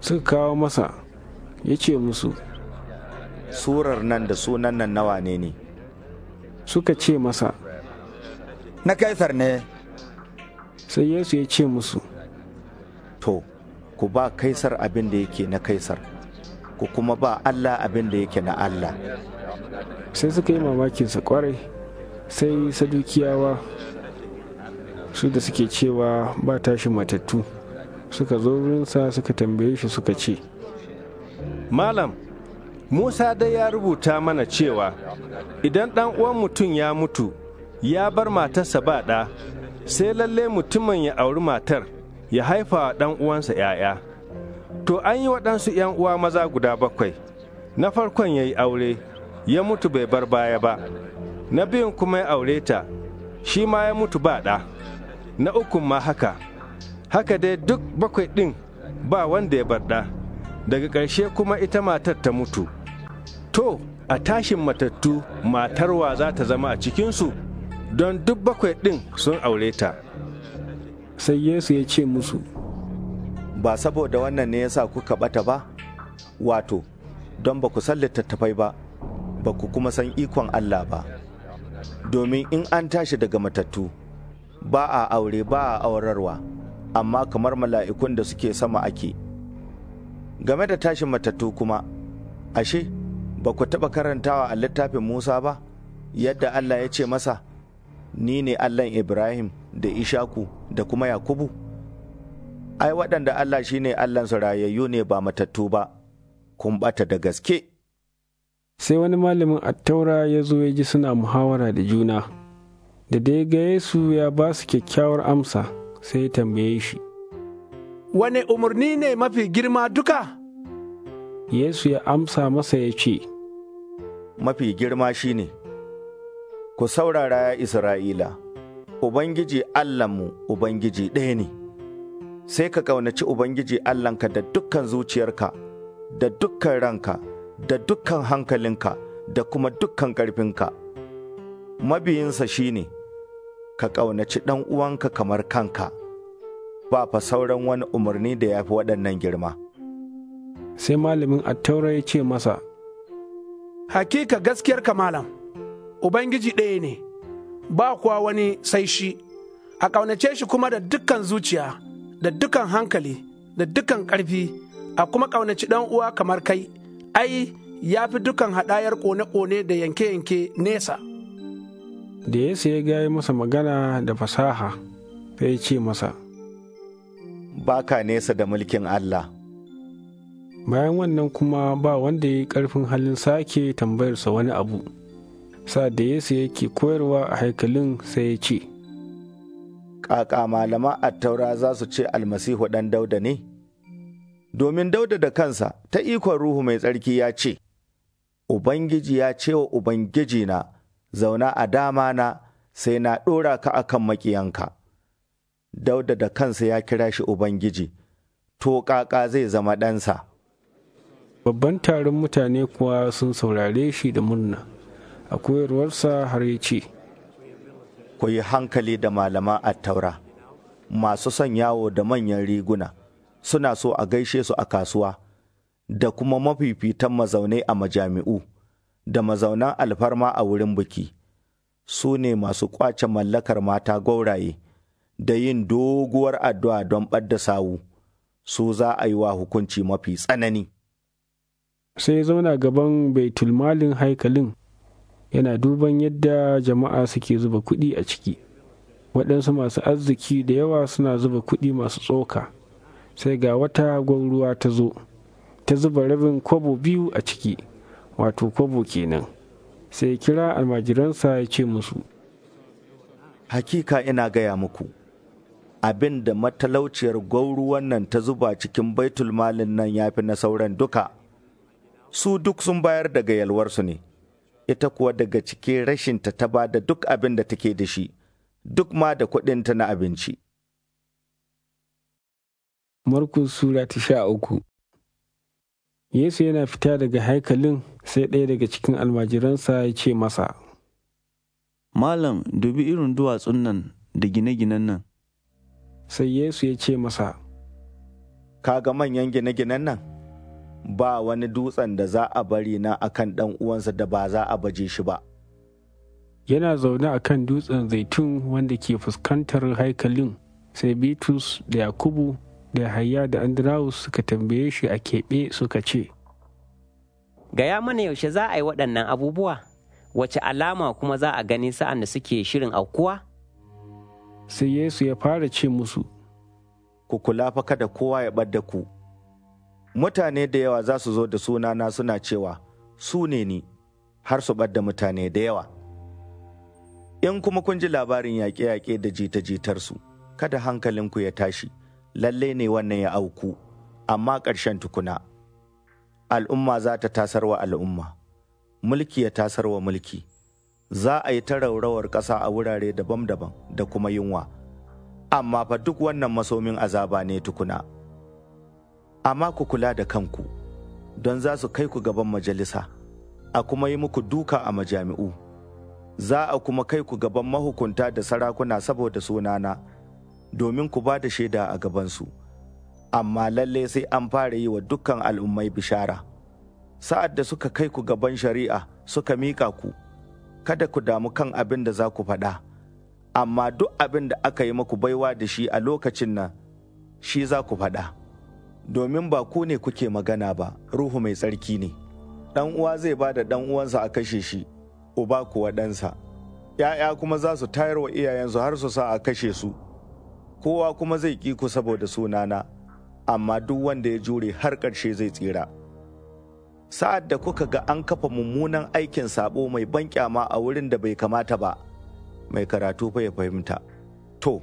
suka kawo masa ya ce musu surar nan da sunan nan nawa ne ne suka ce masa na kaisar ne sai yesu ya ce musu to ku ba kaisar abin da yake na kaisar ku kuma ba allah abin da yake na allah sai suka yi mamakin mamakinsa kwarai sai sadukiyawa su da suke cewa ba tashi matattu suka zo sa suka tambaye shi suka ce malam musa dai ya rubuta mana cewa idan ɗan uwan mutum ya mutu ya bar matarsa ba ɗa sai lalle mutumin ya auri matar ya haifa ɗan uwansa ‘ya'ya. To an yi waɗansu ‘yan uwa maza guda bakwai, na farkon ya yi aure, ya mutu bai bar baya ba, na biyun kuma ya aure ta, shi ma ya mutu ba ɗa, na ukun ma haka, haka dai duk bakwai ɗin ba wanda ya bar ɗa, daga ƙarshe kuma ita matar ta mutu. To, a tashin matattu matarwa za ta zama a cikinsu, don duk bakwai ɗin sun aure ta. sai yesu ya ce musu ba saboda wannan ne yasa kuka bata ba wato don ba ku san littattafai ba ba ku kuma san ikon allah ba domin in an tashi daga matattu ba a aure ba a aurarwa amma kamar mala'ikun da suke sama ake game da tashin matattu kuma ashe ba ku taɓa karantawa a littafin musa ba yadda allah ya ce masa ni ne allahn ibrahim da Ishaku da kuma Yakubu? Ai, waɗanda Allah shi ne Allahnsu rayayyu ne ba matattu ba, kun ɓata da gaske. Sai wani malamin attaura ya zo ya ji suna muhawara da juna, da dai ga Yesu ya ba su kyakkyawar amsa sai ya tambaye shi. Wane umarni ne mafi girma duka? Yesu ya amsa masa ya ce, Mafi girma shi ne, ku saurara Isra'ila. Ubangiji Allahnmu Ubangiji ɗaya ne, sai ka ƙaunaci Ubangiji Allahnka da dukkan zuciyarka, da dukkan ranka, da dukkan hankalinka, da kuma dukkan ƙarfinka. Mabiyinsa shi ne, ka ƙaunaci ɗan uwanka kamar kanka, ba fa sauran wani umarni da ya fi waɗannan girma. Sai malamin attaura ya ce masa, Hakika gaskiyarka malam, Ubangiji ɗaya ne. ba kuwa wani sai shi, a ƙaunace shi kuma da dukkan zuciya, da dukkan hankali, da dukkan ƙarfi, a kuma ƙaunaci ɗan uwa kamar kai, ai, ya fi dukkan haɗayar ƙone-ƙone da yanke-yanke nesa. Da Yesu ya yi masa magana da fasaha, sai ce masa, Ba ka nesa da mulkin Allah. Bayan wannan kuma ba wanda ya yi ƙarfin halin sake tambayarsa wani abu. sa da yesu yake koyarwa a haikalin sai ya ce ƙaƙa malama attaura za su ce almasihu ɗan dauda ne domin dauda da kansa ta ikon ruhu mai tsarki ya ce ubangiji ya ce wa ubangijina zauna a dama na sai na ɗora ka a kan maƙiyanka dauda da kansa ya kira shi ubangiji to ƙaƙa zai zama ɗansa babban taron mutane kuwa sun saurare shi da murna a koyarwarsa har ya ce ku yi hankali da malama a Taura, masu son yawo da manyan riguna suna so a gaishe su a kasuwa da kuma mafifitan mazaunai a majami'u da mazaunan alfarma a wurin biki su ne masu ƙwace mallakar mata gauraye da yin doguwar addu'a don ɓadda sawu su za a yi wa hukunci mafi tsanani sai zauna gaban baitulmalin haikalin yana duban yadda jama'a suke zuba kuɗi a ciki waɗansu masu arziki da yawa suna zuba kuɗi masu tsoka sai ga wata gwamruwa ta zo ta zuba rabin kwabo biyu a ciki wato kwabo kenan sai kira almajiransa ya ce musu hakika ina gaya muku abin da matalauciyar gwauruwan nan ta zuba cikin baitul malin nan ya fi na sauran duka su duk sun bayar daga yalwarsu ne ita kuwa daga cikin rashinta ta ba da duk abin da take da shi, duk ma da kuɗinta na abinci. Markus Sura ta sha uku Yesu yana fita daga haikalin sai ɗaya daga cikin almajiransa ya ce masa, Malam, dubi irin duwatsun nan da gine-ginen nan. Sai Yesu ya ce masa, ga manyan gine-ginen nan? ba wani dutsen da za a bari na akan ɗan uwansa da ba za a baje shi ba. Yana zaune a kan dutsen zaitun wanda ke fuskantar haikalin sai Bitus da Yakubu da Hayya da andraus suka tambaye shi a keɓe suka ce. Gaya mana yaushe za a yi waɗannan abubuwa, wace alama kuma za a gani sa'an da suke shirin aukuwa? Sai Yesu ya fara ce musu. Ku kula fa kada kowa ya ɓad ku. mutane da yawa za su zo da sunana suna cewa su ne ni har su ɓadda mutane da yawa in kuma kun ji labarin yaƙe-yaƙe da jita-jitarsu kada hankalinku ya tashi lalle ne wannan ya auku amma ƙarshen tukuna al'umma za ta tasar wa al'umma mulki ya tasar wa mulki za a yi ta raurawar ƙasa a wurare daban-daban da kuma yunwa amma fa duk wannan masomin azaba ne tukuna. amma ku kula da kanku don za su kai ku gaban majalisa a kuma yi muku duka a majami'u za a kuma kai ku gaban mahukunta da sarakuna saboda sunana domin ku ba da shaida a gabansu amma lalle sai an fara yi wa dukkan al'ummai bishara sa'ad da suka kai ku gaban shari'a suka miƙa ku kada ku damu kan abin da za ku faɗa amma duk abin da aka yi muku baiwa da shi a lokacin nan shi za ku faɗa. domin ba ku ne kuke magana ba, Ruhu mai tsarki ne. Ɗan uwa zai ba da ɗan uwansa a kashe shi, uba kuwa ɗansa. ‘Ya'ya kuma za su tayar wa iyayensu har su sa a kashe su, kowa kuma zai ƙi ku saboda sunana, amma duk wanda ya jure har ƙarshe zai tsira. Sa'ad da kuka ga an kafa mummunan aikin sabo mai banƙyama a wurin da bai kamata ba, mai karatu fa ya fahimta. To,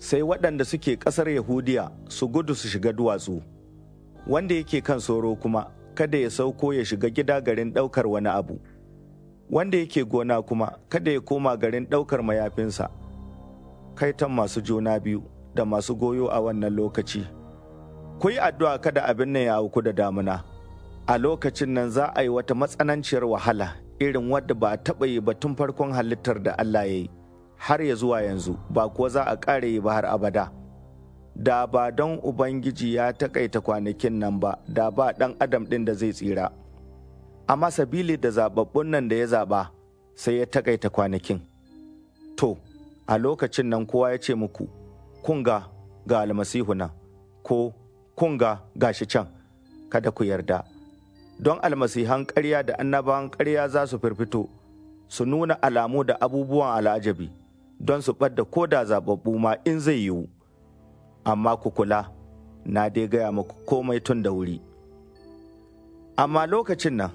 sai waɗanda suke ƙasar Yahudiya su gudu su shiga duwatsu, wanda yake kan soro kuma kada ya sauko ya shiga gida garin ɗaukar wani abu, wanda yake gona kuma kada ya koma garin ɗaukar mayafinsa, kaitan masu juna biyu da masu goyo a wannan lokaci. Ku yi addu'a kada abin nan ya auku da damuna, a lokacin nan za a yi wata matsananciyar wahala irin wadda ba a taɓa yi ba tun farkon halittar da Allah ya yi. har ya zuwa yanzu ba kuwa za a ƙare ba har abada da ba don ubangiji ya taƙaita kwanakin nan ba da ba ɗan adam ɗin da zai tsira amma sabili da zaɓaɓɓun nan da ya zaɓa sai ya taƙaita kwanakin to a lokacin nan kowa ya ce muku kunga ga almasihu nan ko kunga ga shi can kada ku yarda don almasihan ƙarya da annabawan ƙarya za su firfito su nuna alamu da abubuwan al'ajabi don su ɓadda ko da zababbu ma in zai yiwu amma ku kula na dai gaya muku komai tun da wuri amma lokacin nan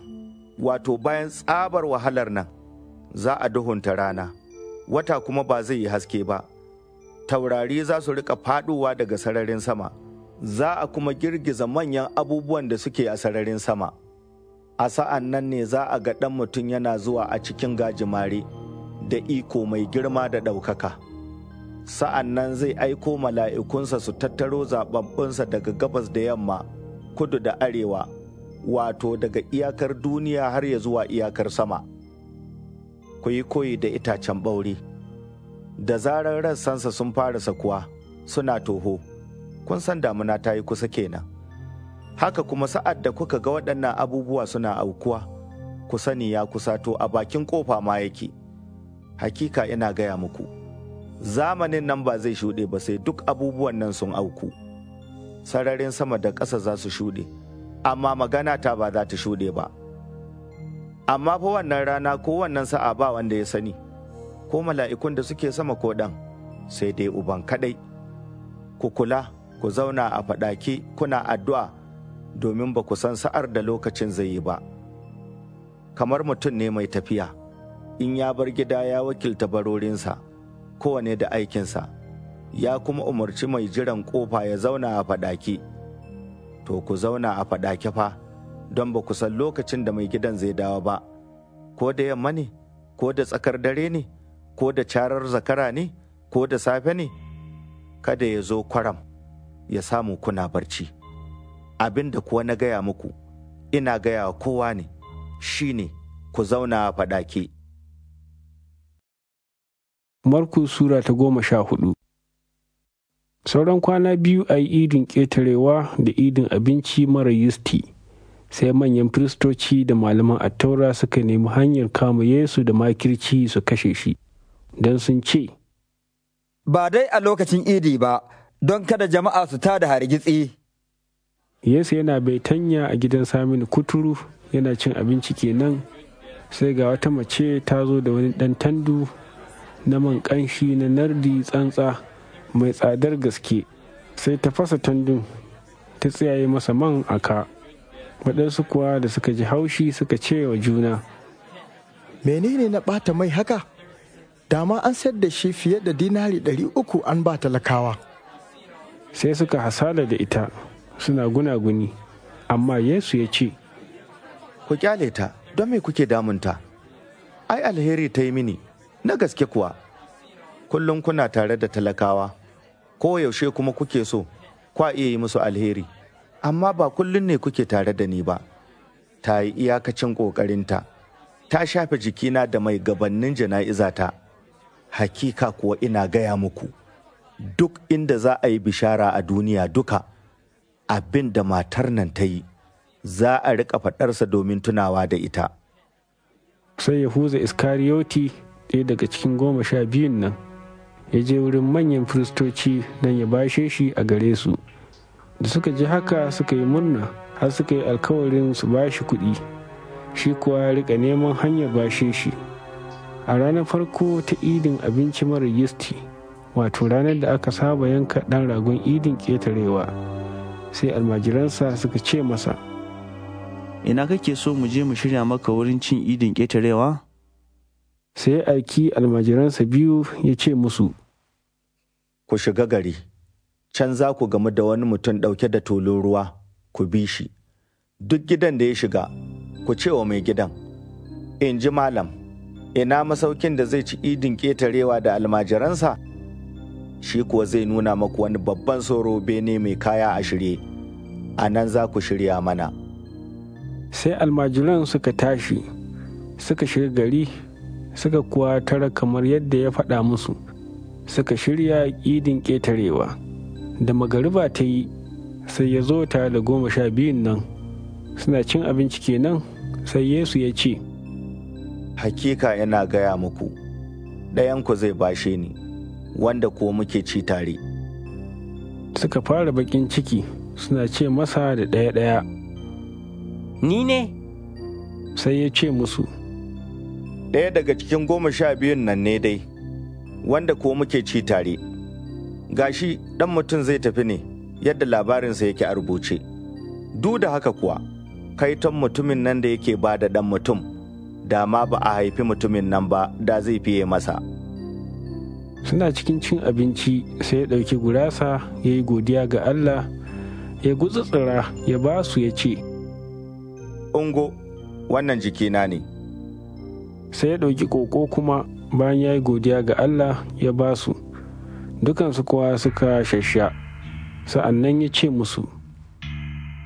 wato bayan tsabar wahalar nan za a duhunta rana wata kuma ba zai yi haske ba taurari za su rika faɗuwa daga sararin sama za a kuma girgiza manyan abubuwan da suke a sararin sama a sa'an nan ne za a ga ɗan mutum yana zuwa a cikin gajimare. da iko mai girma da ɗaukaka. Sa'an nan zai aiko mala'ikunsa su tattaro zaɓaɓɓunsa daga gabas da yamma, kudu da arewa, wato daga iyakar duniya har ya zuwa iyakar sama. Ku yi koyi da itacen ɓauri. Da zarar rassansa sun fara sakuwa, suna toho, kun san damuna ta yi kusa kenan. Haka kuma sa'ad da kuka ga waɗannan abubuwa suna aukuwa, ku sani ya kusato a bakin ƙofa ma yake. hakika ina gaya muku, zamanin nan ba zai shuɗe ba sai duk abubuwan nan sun auku. Sararin sama da ƙasa za su shuɗe, amma magana ta ba za ta shuɗe ba. Amma fa wannan rana ko wannan sa'a ba wanda ya sani, ko mala'ikun da suke sama ko ɗan, sai dai uban kaɗai. Ku kula, ku zauna a faɗaki kuna addu'a domin ba ku san sa'ar da lokacin zai yi ba. Kamar mutum ne mai tafiya. in ya bar gida ya wakilta barorinsa kowane da aikinsa ya kuma umarci mai jiran kofa ya zauna a fadaki to ku zauna a faɗaki fa don ba ku san lokacin da mai gidan zai dawo ba ko da yamma ne ko da tsakar dare ne ko da carar zakara ne ko da safe ne kada ya zo kwaram ya samu kuna barci abin da kuwa na gaya muku ina gaya kowa ne shi ne ku zauna a faɗaki. Marku Sura ta goma sha hudu Sauran kwana biyu a yi idin ƙetarewa da idin abinci mara yisti, sai manyan firistoci da malaman attaura suka nemi hanyar kama Yesu da makirci su kashe shi, don sun ce, Ba dai a lokacin idi ba, don kada jama'a su ta da hargitsi. Yesu yana bai tanya a gidan Saminu kuturu yana cin abinci kenan, sai ga wata mace ta zo da wani ɗan tandu na man ƙanshi na nardi tsantsa mai tsadar gaske sai ta fasa tandun ta tsayaye masa man a ka waɗansu kuwa da suka ji haushi suka ce wa juna menene na ɓata mai haka dama an sayar da shi fiye da dinari ɗari uku an ba talakawa sai suka hasala da ita suna gunaguni amma yesu ya ce ku kyale ta don me kuke damunta ai alheri ta yi mini na gaske kuwa kullum kuna tare da talakawa ko yaushe kuma kuke so kwa iya yi musu alheri amma ba kullum ne kuke tare da ni ba ta yi iyakacin ƙoƙarinta ta shafe jikina da mai gabannin jana'izata hakika kuwa ina gaya muku duk inda za a yi bishara a duniya duka abin da matar nan ta yi za a riƙa faɗarsa domin tunawa da ita sai yahuza iskarioti. ɗaya daga cikin goma sha biyun nan ya je wurin manyan firistoci don ya bashe shi a gare su da suka ji haka suka yi murna har suka yi alkawarin su ba shi kuɗi shi kuwa ya rika neman hanyar bashe shi a ranar farko ta idin abinci mara yisti wato ranar da aka saba yanka ɗan ragon idin ƙetarewa sai almajiransa suka ce masa ina kake so mu je mu shirya maka wurin cin idin ƙetarewa sai aiki almajiransa biyu ya ce musu, Ku shiga gari, can za ku gamu da wani mutum ɗauke da tulun ruwa, ku bi shi. Duk gidan da ya shiga, ku ce wa mai gidan, in ji malam, ina masaukin da zai ci idin ƙetarewa da almajiransa? Shi kuwa zai nuna maku wani babban soro bene mai kaya a shirye, a nan za ku shirya mana. Sai almajiran suka tashi, suka shiga gari suka kuwa tara kamar yadda ya faɗa musu suka shirya idin ƙetarewa da magariba ta yi sai ya zo ta da goma sha biyun nan suna cin abinci kenan sai yesu ya ce hakika yana gaya muku ɗayanku zai bashe ni wanda ko muke ci tare suka fara bakin ciki suna ce masa da ɗaya-ɗaya ni ne sai ya ce musu ɗaya daga cikin goma sha biyun nan ne dai wanda ko muke ci tare gashi ɗan mutum zai tafi ne yadda labarinsa yake a rubuce duk da haka kuwa kaiton mutumin nan da yake ba da ɗan mutum da ma ba a haifi mutumin nan ba da zai fiye masa suna cikin cin abinci sai ya ɗauki gurasa ya yi godiya ga allah ya gutsutsura ya ba su ya ce ungo wannan jikina ne sai ya ɗauki ƙoƙo kuma bayan ya yi godiya ga Allah ya ba su dukansu kowa suka shasha sa'annan ya ce musu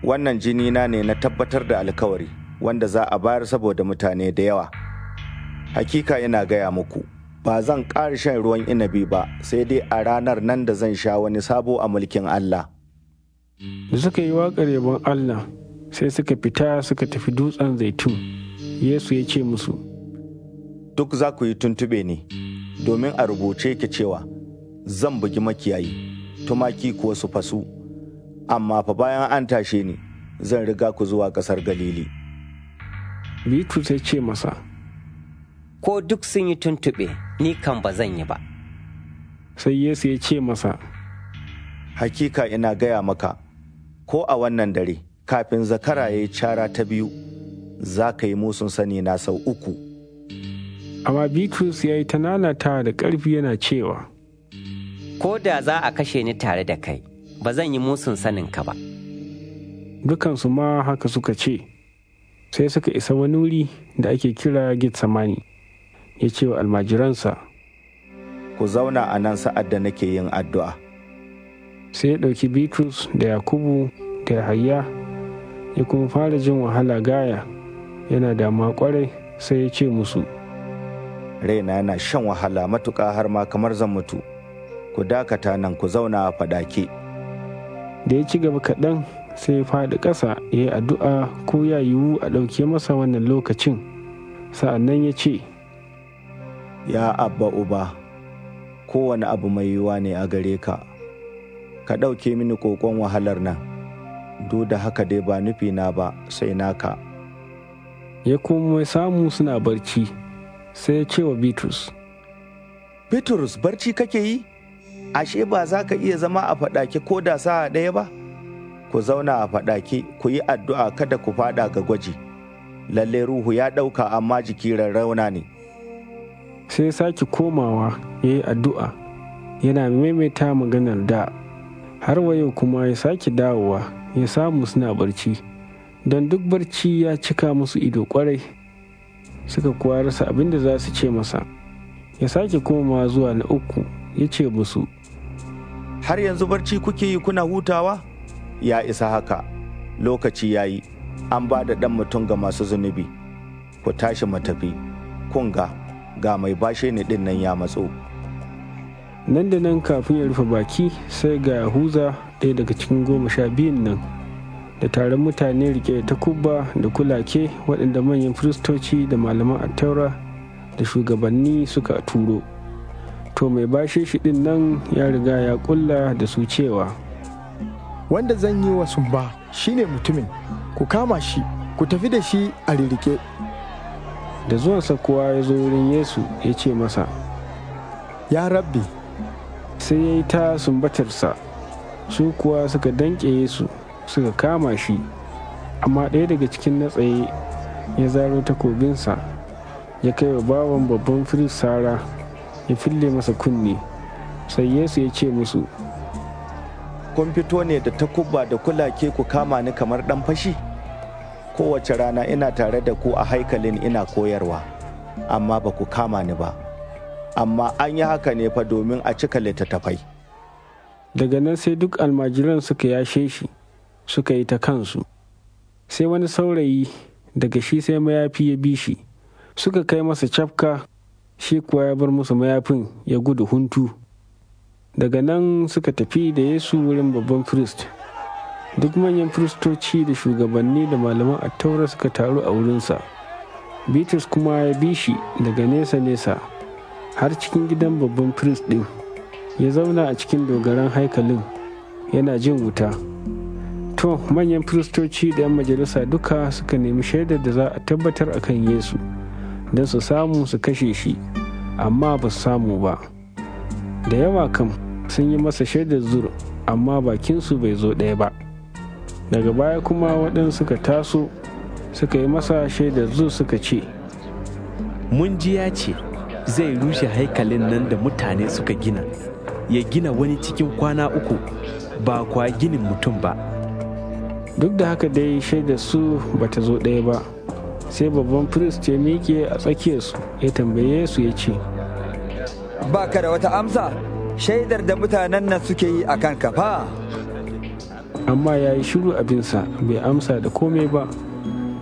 wannan jini na ne na tabbatar da alkawari wanda za a bayar saboda mutane da yawa hakika yana gaya muku ba zan ƙara shan ruwan inabi ba sai dai a ranar nan da zan sha wani sabo a mulkin Allah da suka yi waƙar yabon Allah sai suka fita suka tafi dutsen zaitun Yesu ya ce musu duk za ku yi tuntuɓe ne, domin a rubuce ki cewa, Zan bugi makiyayi, tumaki kuwa su fasu, amma fa bayan an tashe ni, zan riga ku zuwa ƙasar Galili. Bitu sai ce masa, Ko duk sun yi tuntuɓe, ni kan ba zan yi ba. Sai Yesu ya ce masa, Hakika ina gaya maka, ko a wannan dare, kafin zakara ya yi cara ta biyu, za ka yi musun sani na sau uku. amma bitrus ya yi ta nanata da ƙarfi yana cewa ko da za a kashe ni tare da kai ba zan yi musun ka ba dukansu ma haka suka ce sai suka isa wani wuri da ake kira gitsamani ya ce wa almajiransa ku zauna a nan sa'ad da nake yin addu'a sai ya ɗauki bitrus da yakubu da yahaya ya kuma fara jin wahala gaya yana ma kwarai sai ya ce musu raina yana shan wahala matuƙa har ma kamar zan mutu ku dakata nan ku zauna a faɗake da ya ci gaba kaɗan sai ya faɗi ƙasa ya yi addu'a ko ya yiwu a ɗauke masa wannan lokacin sa'annan nan ya ce ya abba uba kowane abu mai yiwuwa ne a gare ka ka ɗauke mini ƙoƙon wahalar nan duk da haka dai ba nufi na ba sai naka ya kuma samu suna barci sai ya ce wa Bitrus, Bitrus barci kake yi, ashe ba za ka iya zama a faɗake ko da sa'a ɗaya ba? Ku zauna a faɗake, ku yi addu'a kada ku faɗa ga gwaji. Lalle ruhu ya ɗauka amma jiki rarrauna ne. Sai sake komawa ya yi addu'a, yana maimaita maganar da, har wayo kuma ya sake dawowa ya samu suna barci, don duk barci ya cika musu ido kwarai. suka kuwa rasa abin da za su ce masa ya sake koma zuwa na uku ya ce musu har yanzu barci kuke yi kuna hutawa ya isa haka lokaci ya yi an ba da ɗan mutum ga masu zunubi ku tashi matafi kunga ga mai bashe ni ɗin nan ya matso nan da nan kafin ya rufe baki sai ga yahuza ɗaya daga cikin goma sha biyun nan da taron mutane rike ta kubba da kulake waɗanda manyan firistoci da malaman attaura da shugabanni suka turo to mai bashe shi ɗin nan ya riga ya ƙulla da su cewa wanda zan yi wa sumba shine mutumin ku kama shi ku tafi da shi a ririke da zuwansa kuwa ya zo wurin yesu ya ce masa ya rabbi sai ya yi ta sumbatarsa su kuwa suka danƙe yesu suka kama shi amma ɗaya daga cikin na tsaye ya zaro takobinsa ya kai wa bawan babban firist sara ya fille masa kunne sai yesu ya ce musu kun fito ne da takuba da kulake ku kama ni kamar ɗan fashi kowace rana ina tare da ku a haikalin ina koyarwa amma ba ku kama ni ba amma an yi haka ne fa domin a cika littattafai daga nan sai duk almajiran suka yashe shi suka yi ta kansu sai wani saurayi daga shi sai mayafi ya bi shi suka kai masa cafka shi kuwa ya bar musu mayafin ya gudu huntu daga nan suka tafi da yesu wurin babban firist duk manyan firistoci da shugabanni da malaman attaura suka taru a wurinsa bitrus kuma ya bi shi daga nesa-nesa har cikin gidan babban firist ɗin ya zauna a cikin dogaran haikalin yana jin wuta. to manyan firistoci da 'yan majalisa duka suka nemi shaidar da za a tabbatar a kan yesu don su samu su kashe shi amma ba su samu ba da yawa kam sun yi masa shaidar zur amma bakinsu bai zo ɗaya ba daga baya kuma waɗansu suka taso suka yi masa shaidar zur suka ce mun ji ya ce zai rushe haikalin nan da mutane suka gina ya gina wani cikin kwana uku ba kwa ginin mutum ba duk da haka dai shaida su bata zo ɗaya ba sai babban firist ya miƙe a tsakiyarsu ya tambaye su ya ce ba ka da wata amsa shaidar da mutanen nan suke yi a kan kafa amma ya yi shiru abinsa bai amsa da komai ba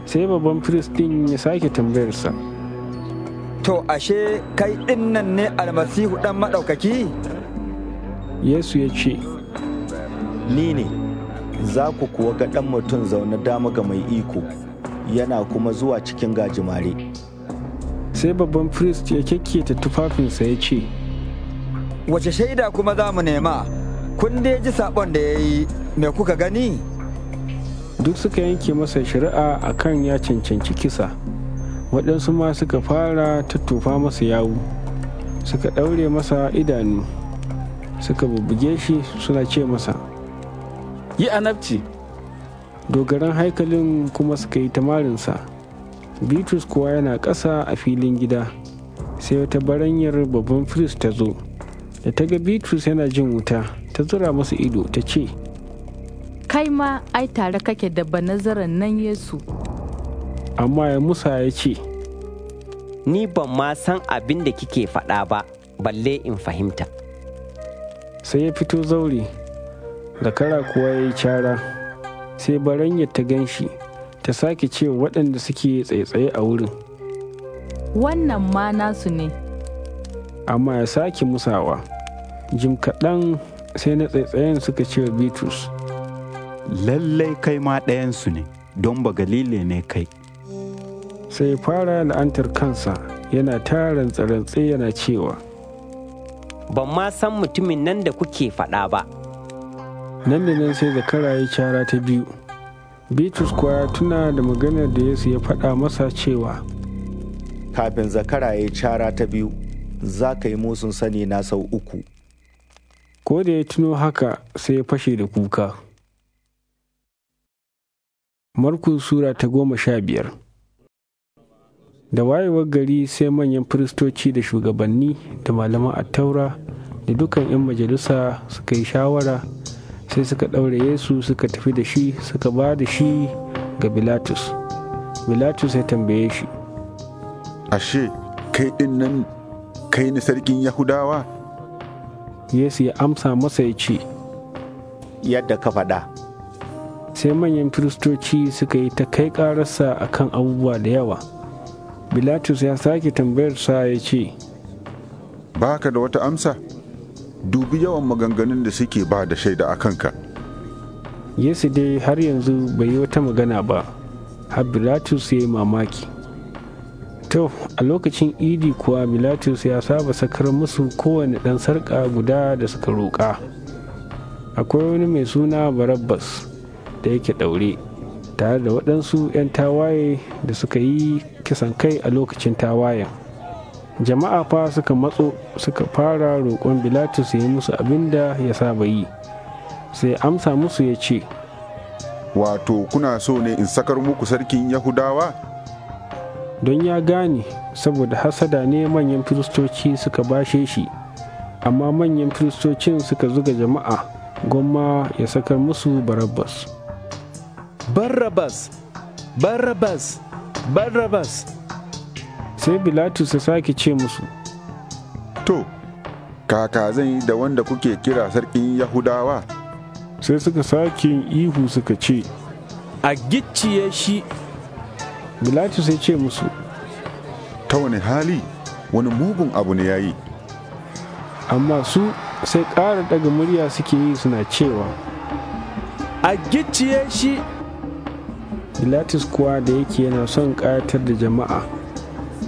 sai babban firist ɗin ya sake tambayarsa to ashe kai ɗin nan ne almasihu ɗan maɗaukaki yesu ya ce ni ne za ku kuwa ga ɗan mutum zaune dama ga mai iko yana kuma zuwa cikin gajimare sai babban firist ya ta tufafinsa ya ce wace shaida kuma za mu nema kun da ya ji sabon da ya yi me kuka gani duk suka yanke masa shari'a a kan ya cancanci kisa waɗansu ma suka fara ta tufa masa yawu suka ɗaure masa idanu suka bubbuge shi suna ce masa yi anabci dogaran haikalin kuma suka yi tamarinsa bitrus kuwa yana ƙasa a filin gida sai wata baranyar babban firis ta zo da ta ga bitrus yana jin wuta ta zura masa ido ta ce kai ma ai tare kake da banazaran nan yesu amma ya musa ya ce ni ban ma san abin da kike faɗa ba balle in fahimta sai ya fito zaure da kara kuwa ya yi cara sai baranya ta gan shi ta sake ce waɗanda suke tsaye-tsaye a wurin wannan ma nasu ne amma ya sake musawa jim kaɗan sai na tsaye-tsayen suka ce bitrus lallai kai ma ɗayansu ne don ba galile ne kai sai fara la'antar kansa yana ta rantsarantse yana cewa ban ma san mutumin nan da kuke faɗa ba nan da nan sai zakara ya cara ta biyu bitrus kuwa ya tuna da maganar da yesu ya faɗa masa cewa kafin zakara ya cara ta biyu za ka yi musun sani na sau uku ko da ya tuno haka sai ya fashe da kuka markus sura ta goma sha biyar da wayewar gari sai manyan firistoci da shugabanni da malaman taura da dukan 'yan majalisa suka yi shawara sai suka ɗaure yesu suka tafi da shi suka ba da shi ga bilatus bilatus ya tambaye shi ashe kai ɗin nan kai ni sarkin yahudawa yesu ya amsa masa ya ce yadda ka faɗa sai manyan firistoci suka yi ta kai ƙararsa akan abubuwa da yawa bilatus ya sake tambayarsa ya ce ba ka da wata amsa dubi yawan maganganun da suke ba da shaida a kanka yesu dai har yanzu bai yi wata magana ba har bilatus ya yi mamaki to a lokacin idi kuwa bilatus ya saba sakar musu kowane ɗan sarƙa guda da suka roƙa akwai wani mai suna barabbas da yake ɗaure tare da waɗansu 'yan tawaye da suka yi kisan kai a lokacin tawayen jama'a fa suka matso suka fara roƙon bilatus ya yi musu abin da ya saba yi sai amsa musu ya ce wato kuna so ne in sakar muku sarkin yahudawa don ya gane saboda hasada ne manyan firistoci suka bashe shi amma manyan firistocin suka zuga jama'a gomma ya sakar musu barabbas barabbas barabbas barabbas sai bilatus ya sake ce musu to kaka zan yi da wanda kuke kira sarkin yahudawa sai suka sake ihu suka ce a gicciye shi bilatus ya ce musu ta wani hali wani mugun abu ne ya yi amma su sai ƙara daga murya suke yi suna cewa a gicciye shi bilatus kuwa da yake yana son ƙayatar da jama'a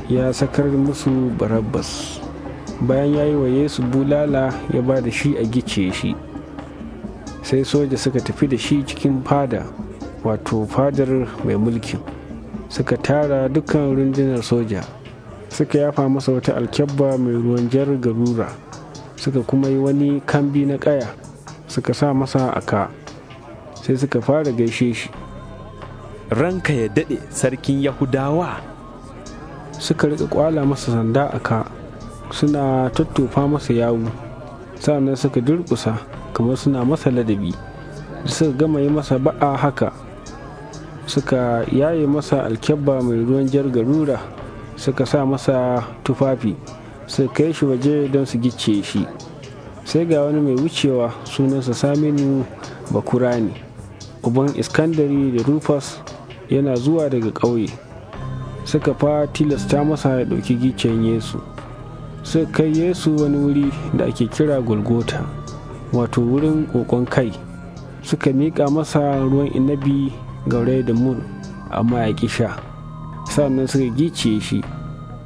ya sakar musu barabbas bayan ya yi wa yesu bulala ya ba da shi a gice shi sai soja suka tafi da shi cikin fada wato fadar mai mulki suka tara dukkan rundunar soja suka yafa masa wata alkyabba mai ruwan jar garura suka kuma yi wani kambi na kaya suka sa masa aka sai suka fara gaishe shi ranka ya daɗe sarkin yahudawa suka rika kwala masa sanda a ka suna tattofa masa yawu sannan suka durkusa kamar suna masa ladabi suka gama yi masa ba'a haka suka yaye masa alkyabba mai ruwan jar garura suka sa masa tufafi suka kai shi waje don su gicce shi sai ga wani mai wucewa sunansa saminu bakura ne uban iskandari da rufus yana zuwa daga ƙauye suka fa tilasta masa ya ɗauki gicciyen yesu suka kai yesu wani wuri da ake kira golgota wato wurin ƙoƙon kai suka miƙa masa ruwan inabi gaure da mur amma ya ƙi sha sannan suka gice shi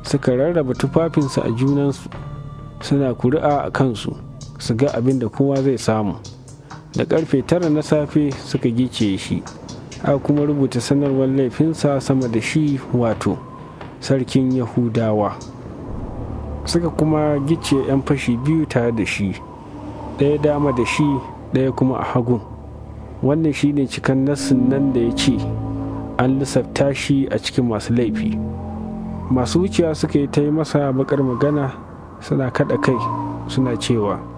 suka rarraba tufafinsa a junansu suna kuri'a a kansu su ga abin da kowa zai samu da karfe tara na safe suka gice shi a kuma rubuta sanarwar laifinsa sama da shi wato sarkin yahudawa suka kuma gice 'yan fashi biyu tare da shi ɗaya dama da shi ɗaya kuma a hagun wannan shi ne cikan nassin nan da ya ce an lissafta shi a cikin masu laifi masu wuciya suka yi ta yi masa bakar magana suna kaɗa kai suna cewa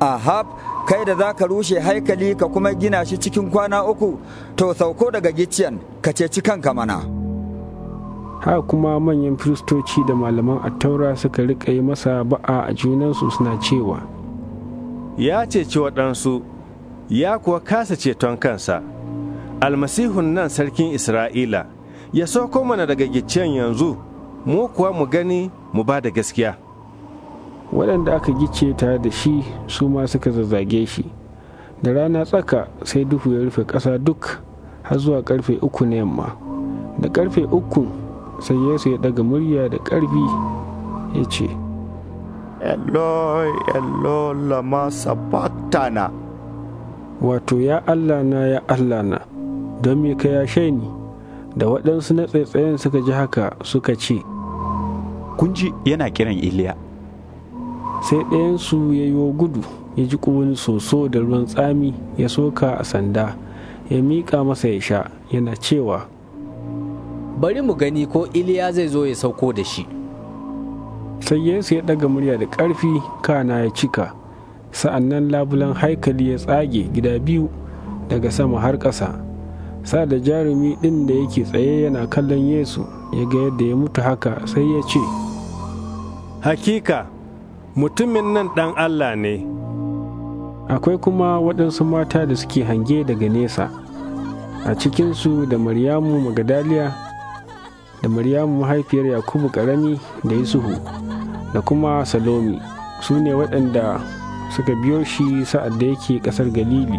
ahab kai da za ka rushe haikali ka kuma gina shi cikin kwana uku to sauko daga gicciyan ka ceci kanka mana Ha kuma manyan firistoci da malaman attaura suka riƙa yi masa ba'a a junansu suna cewa ya ceci waɗansu ya kuwa kasa ceton kansa almasihun nan sarkin isra'ila ya sauko mana daga gicciyan yanzu mu kuwa mu gani mu ba da gaskiya waɗanda aka gice tare da shi su ma suka zazzage shi da rana tsaka sai duhu ya rufe ƙasa duk har zuwa ƙarfe uku na yamma da ƙarfe uku sai yesu ya daga murya da ƙarfi ya ce eloi eloi lama sabatana wato ya allah na ya allah na don me ka yashe ni da waɗansu na tsaitsayen suka ji haka suka ce kun ji yana kiran iliya sai ɗayansu ya yi gudu ya ji wani soso da ruwan tsami ya soka a sanda ya miƙa masa ya sha yana cewa bari mu gani ko iliya zai zo ya sauko da shi sai yesu ya ɗaga murya da ƙarfi kana ya cika sa'annan labulan haikali ya tsage gida biyu daga sama har ƙasa sa da jarumi ɗin da yake tsaye yana kallon yesu ya ga yadda ya mutu haka sai ya ce hakika mutumin nan ɗan Allah ne. Akwai kuma waɗansu mata da suke hange daga nesa, a cikinsu da Maryamu Magadaliya, da Maryamu mahaifiyar Yakubu ƙarami da Yusufu, da kuma Salomi, su ne waɗanda suka biyo shi sa'ad da yake ƙasar Galili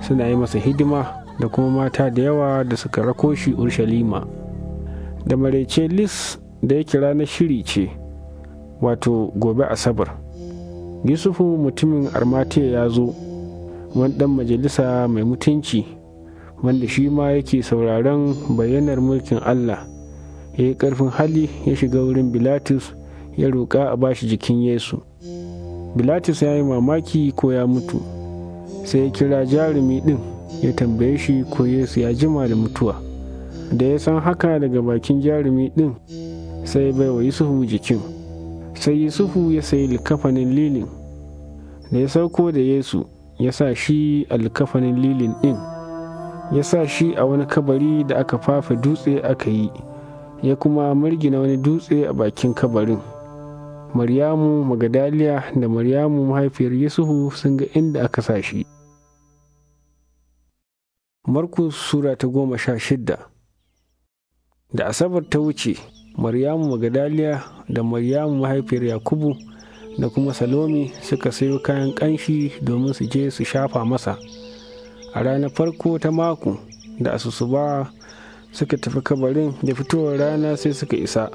suna yi masa hidima da kuma mata da yawa da suka rako shi Urshalima. Da maraice Lis da yake ranar shiri ce. wato gobe asabar yusufu mutumin armatiya ya zo wani dan majalisa mai mutunci wanda shi ma yake sauraron bayyanar mulkin allah ya yi karfin hali ya shiga wurin bilatus ya roƙa a bashi jikin yesu bilatus ya yi mamaki ko ya mutu sai ya kira jarumi ɗin ya tambaye shi ko yesu ya jima da mutuwa da ya san haka daga bakin jarumi ɗin sai bai wa yusufu jikin sai yusufu ya sayi likafanin lilin da ya sauko da yesu ya sa shi a likafanin lilin ɗin ya sa shi a wani kabari da aka fafa dutse aka yi ya kuma margina wani dutse a bakin kabarin maryamu magadaliya da maryamu mahaifiyar yusufu sun ga inda aka sa shi markus sura ta goma sha shidda da asabar ta wuce maryamu magadaliya da maryamu mahaifiyar yakubu da kuma Salomi suka sayo kayan kanshi domin su je su shafa masa a ranar farko ta mako da asusuba suka tafi kabarin da fitowar rana sai suka isa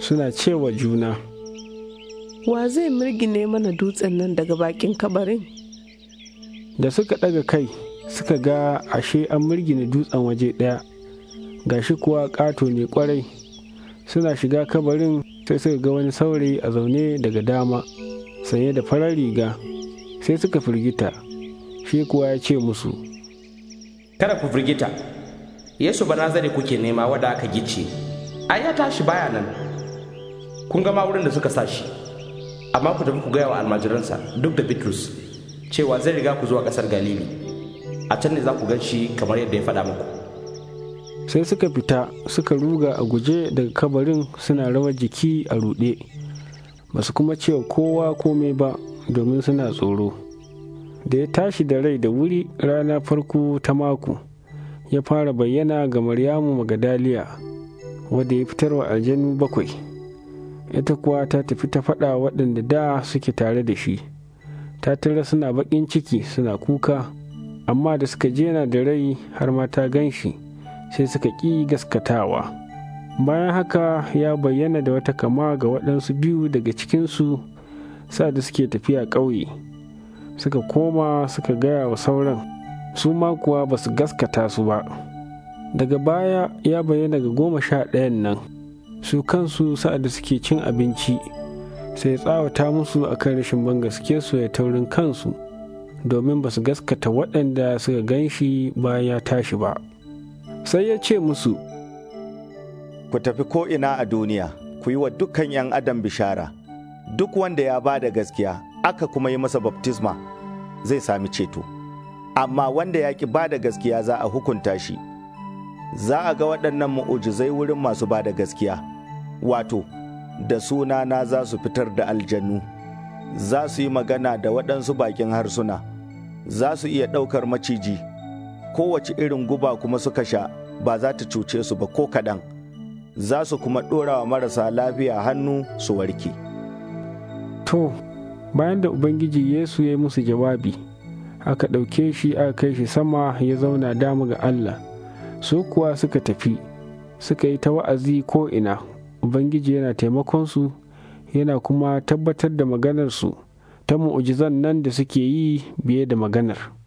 suna cewa juna wa zai mirgine mana dutsen nan daga bakin kabarin da suka ɗaga kai suka ga ashe an mirgine dutsen waje ɗaya ga shi kuwa ƙato ne ƙwarai suna shiga kabarin sai suka ga wani saurayi a zaune daga dama sanye da farar riga sai suka firgita shi kuwa ya ce musu kada ku firgita yesu zare kuke nema wada aka gice ai ya tashi baya nan kun gama wurin da suka sashi amma ku tafi ku gaya wa almajiransa duk da bitrus cewa zai riga ku zuwa ƙasar galili a can ne za ku gan shi kamar yadda ya faɗa muku sai suka fita suka ruga a guje daga kabarin suna rawar jiki a ruɗe ba su kuma cewa kowa komai ba domin suna tsoro da ya tashi da rai da wuri rana farko ta mako ya fara bayyana ga maryamu magadaliya wadda ya fitar wa aljanu bakwai ita kuwa ta tafi ta faɗa waɗanda da suke tare da shi ta tara suna baƙin ciki suna kuka amma da suka jena da rai har ma ta gan shi sai suka ƙi gaskatawa bayan haka ya bayyana da wata kama ga waɗansu biyu daga cikinsu sa da suke tafiya ƙauye suka koma suka gaya wa sauran su ma kuwa ba su gaskata su ba daga baya ya bayyana ga goma sha ɗayan nan su kansu sa'ad da suke cin abinci sai tsawata musu a akan rashin ban gaske su ya taurin kansu domin ba su gaskata waɗanda suka gan shi bayan ya tashi ba. sai ya ce musu, Ku tafi ko'ina a duniya, ku yi wa dukkan ’yan adam bishara, duk wanda ya ba da gaskiya aka kuma yi masa baptisma zai sami ceto, amma wanda ya ki ba da gaskiya za a hukunta shi, za a ga waɗannan mu'ujizai wurin masu ba da gaskiya, wato, da sunana za su fitar da aljanu, za su yi magana da waɗansu bakin harsuna, za su iya ɗaukar maciji. kowace irin guba kuma suka sha ba za ta cuce su ba ko kaɗan za su kuma ɗora wa marasa lafiya hannu su warke. To, bayan da Ubangiji Yesu ya yi musu jawabi, aka ɗauke shi aka kai shi sama ya zauna damu ga Allah, su kuwa suka tafi, suka yi ta wa'azi ko ina, Ubangiji yana taimakonsu, yana kuma tabbatar da maganar su ta mu'ujizan nan da suke yi biye da maganar.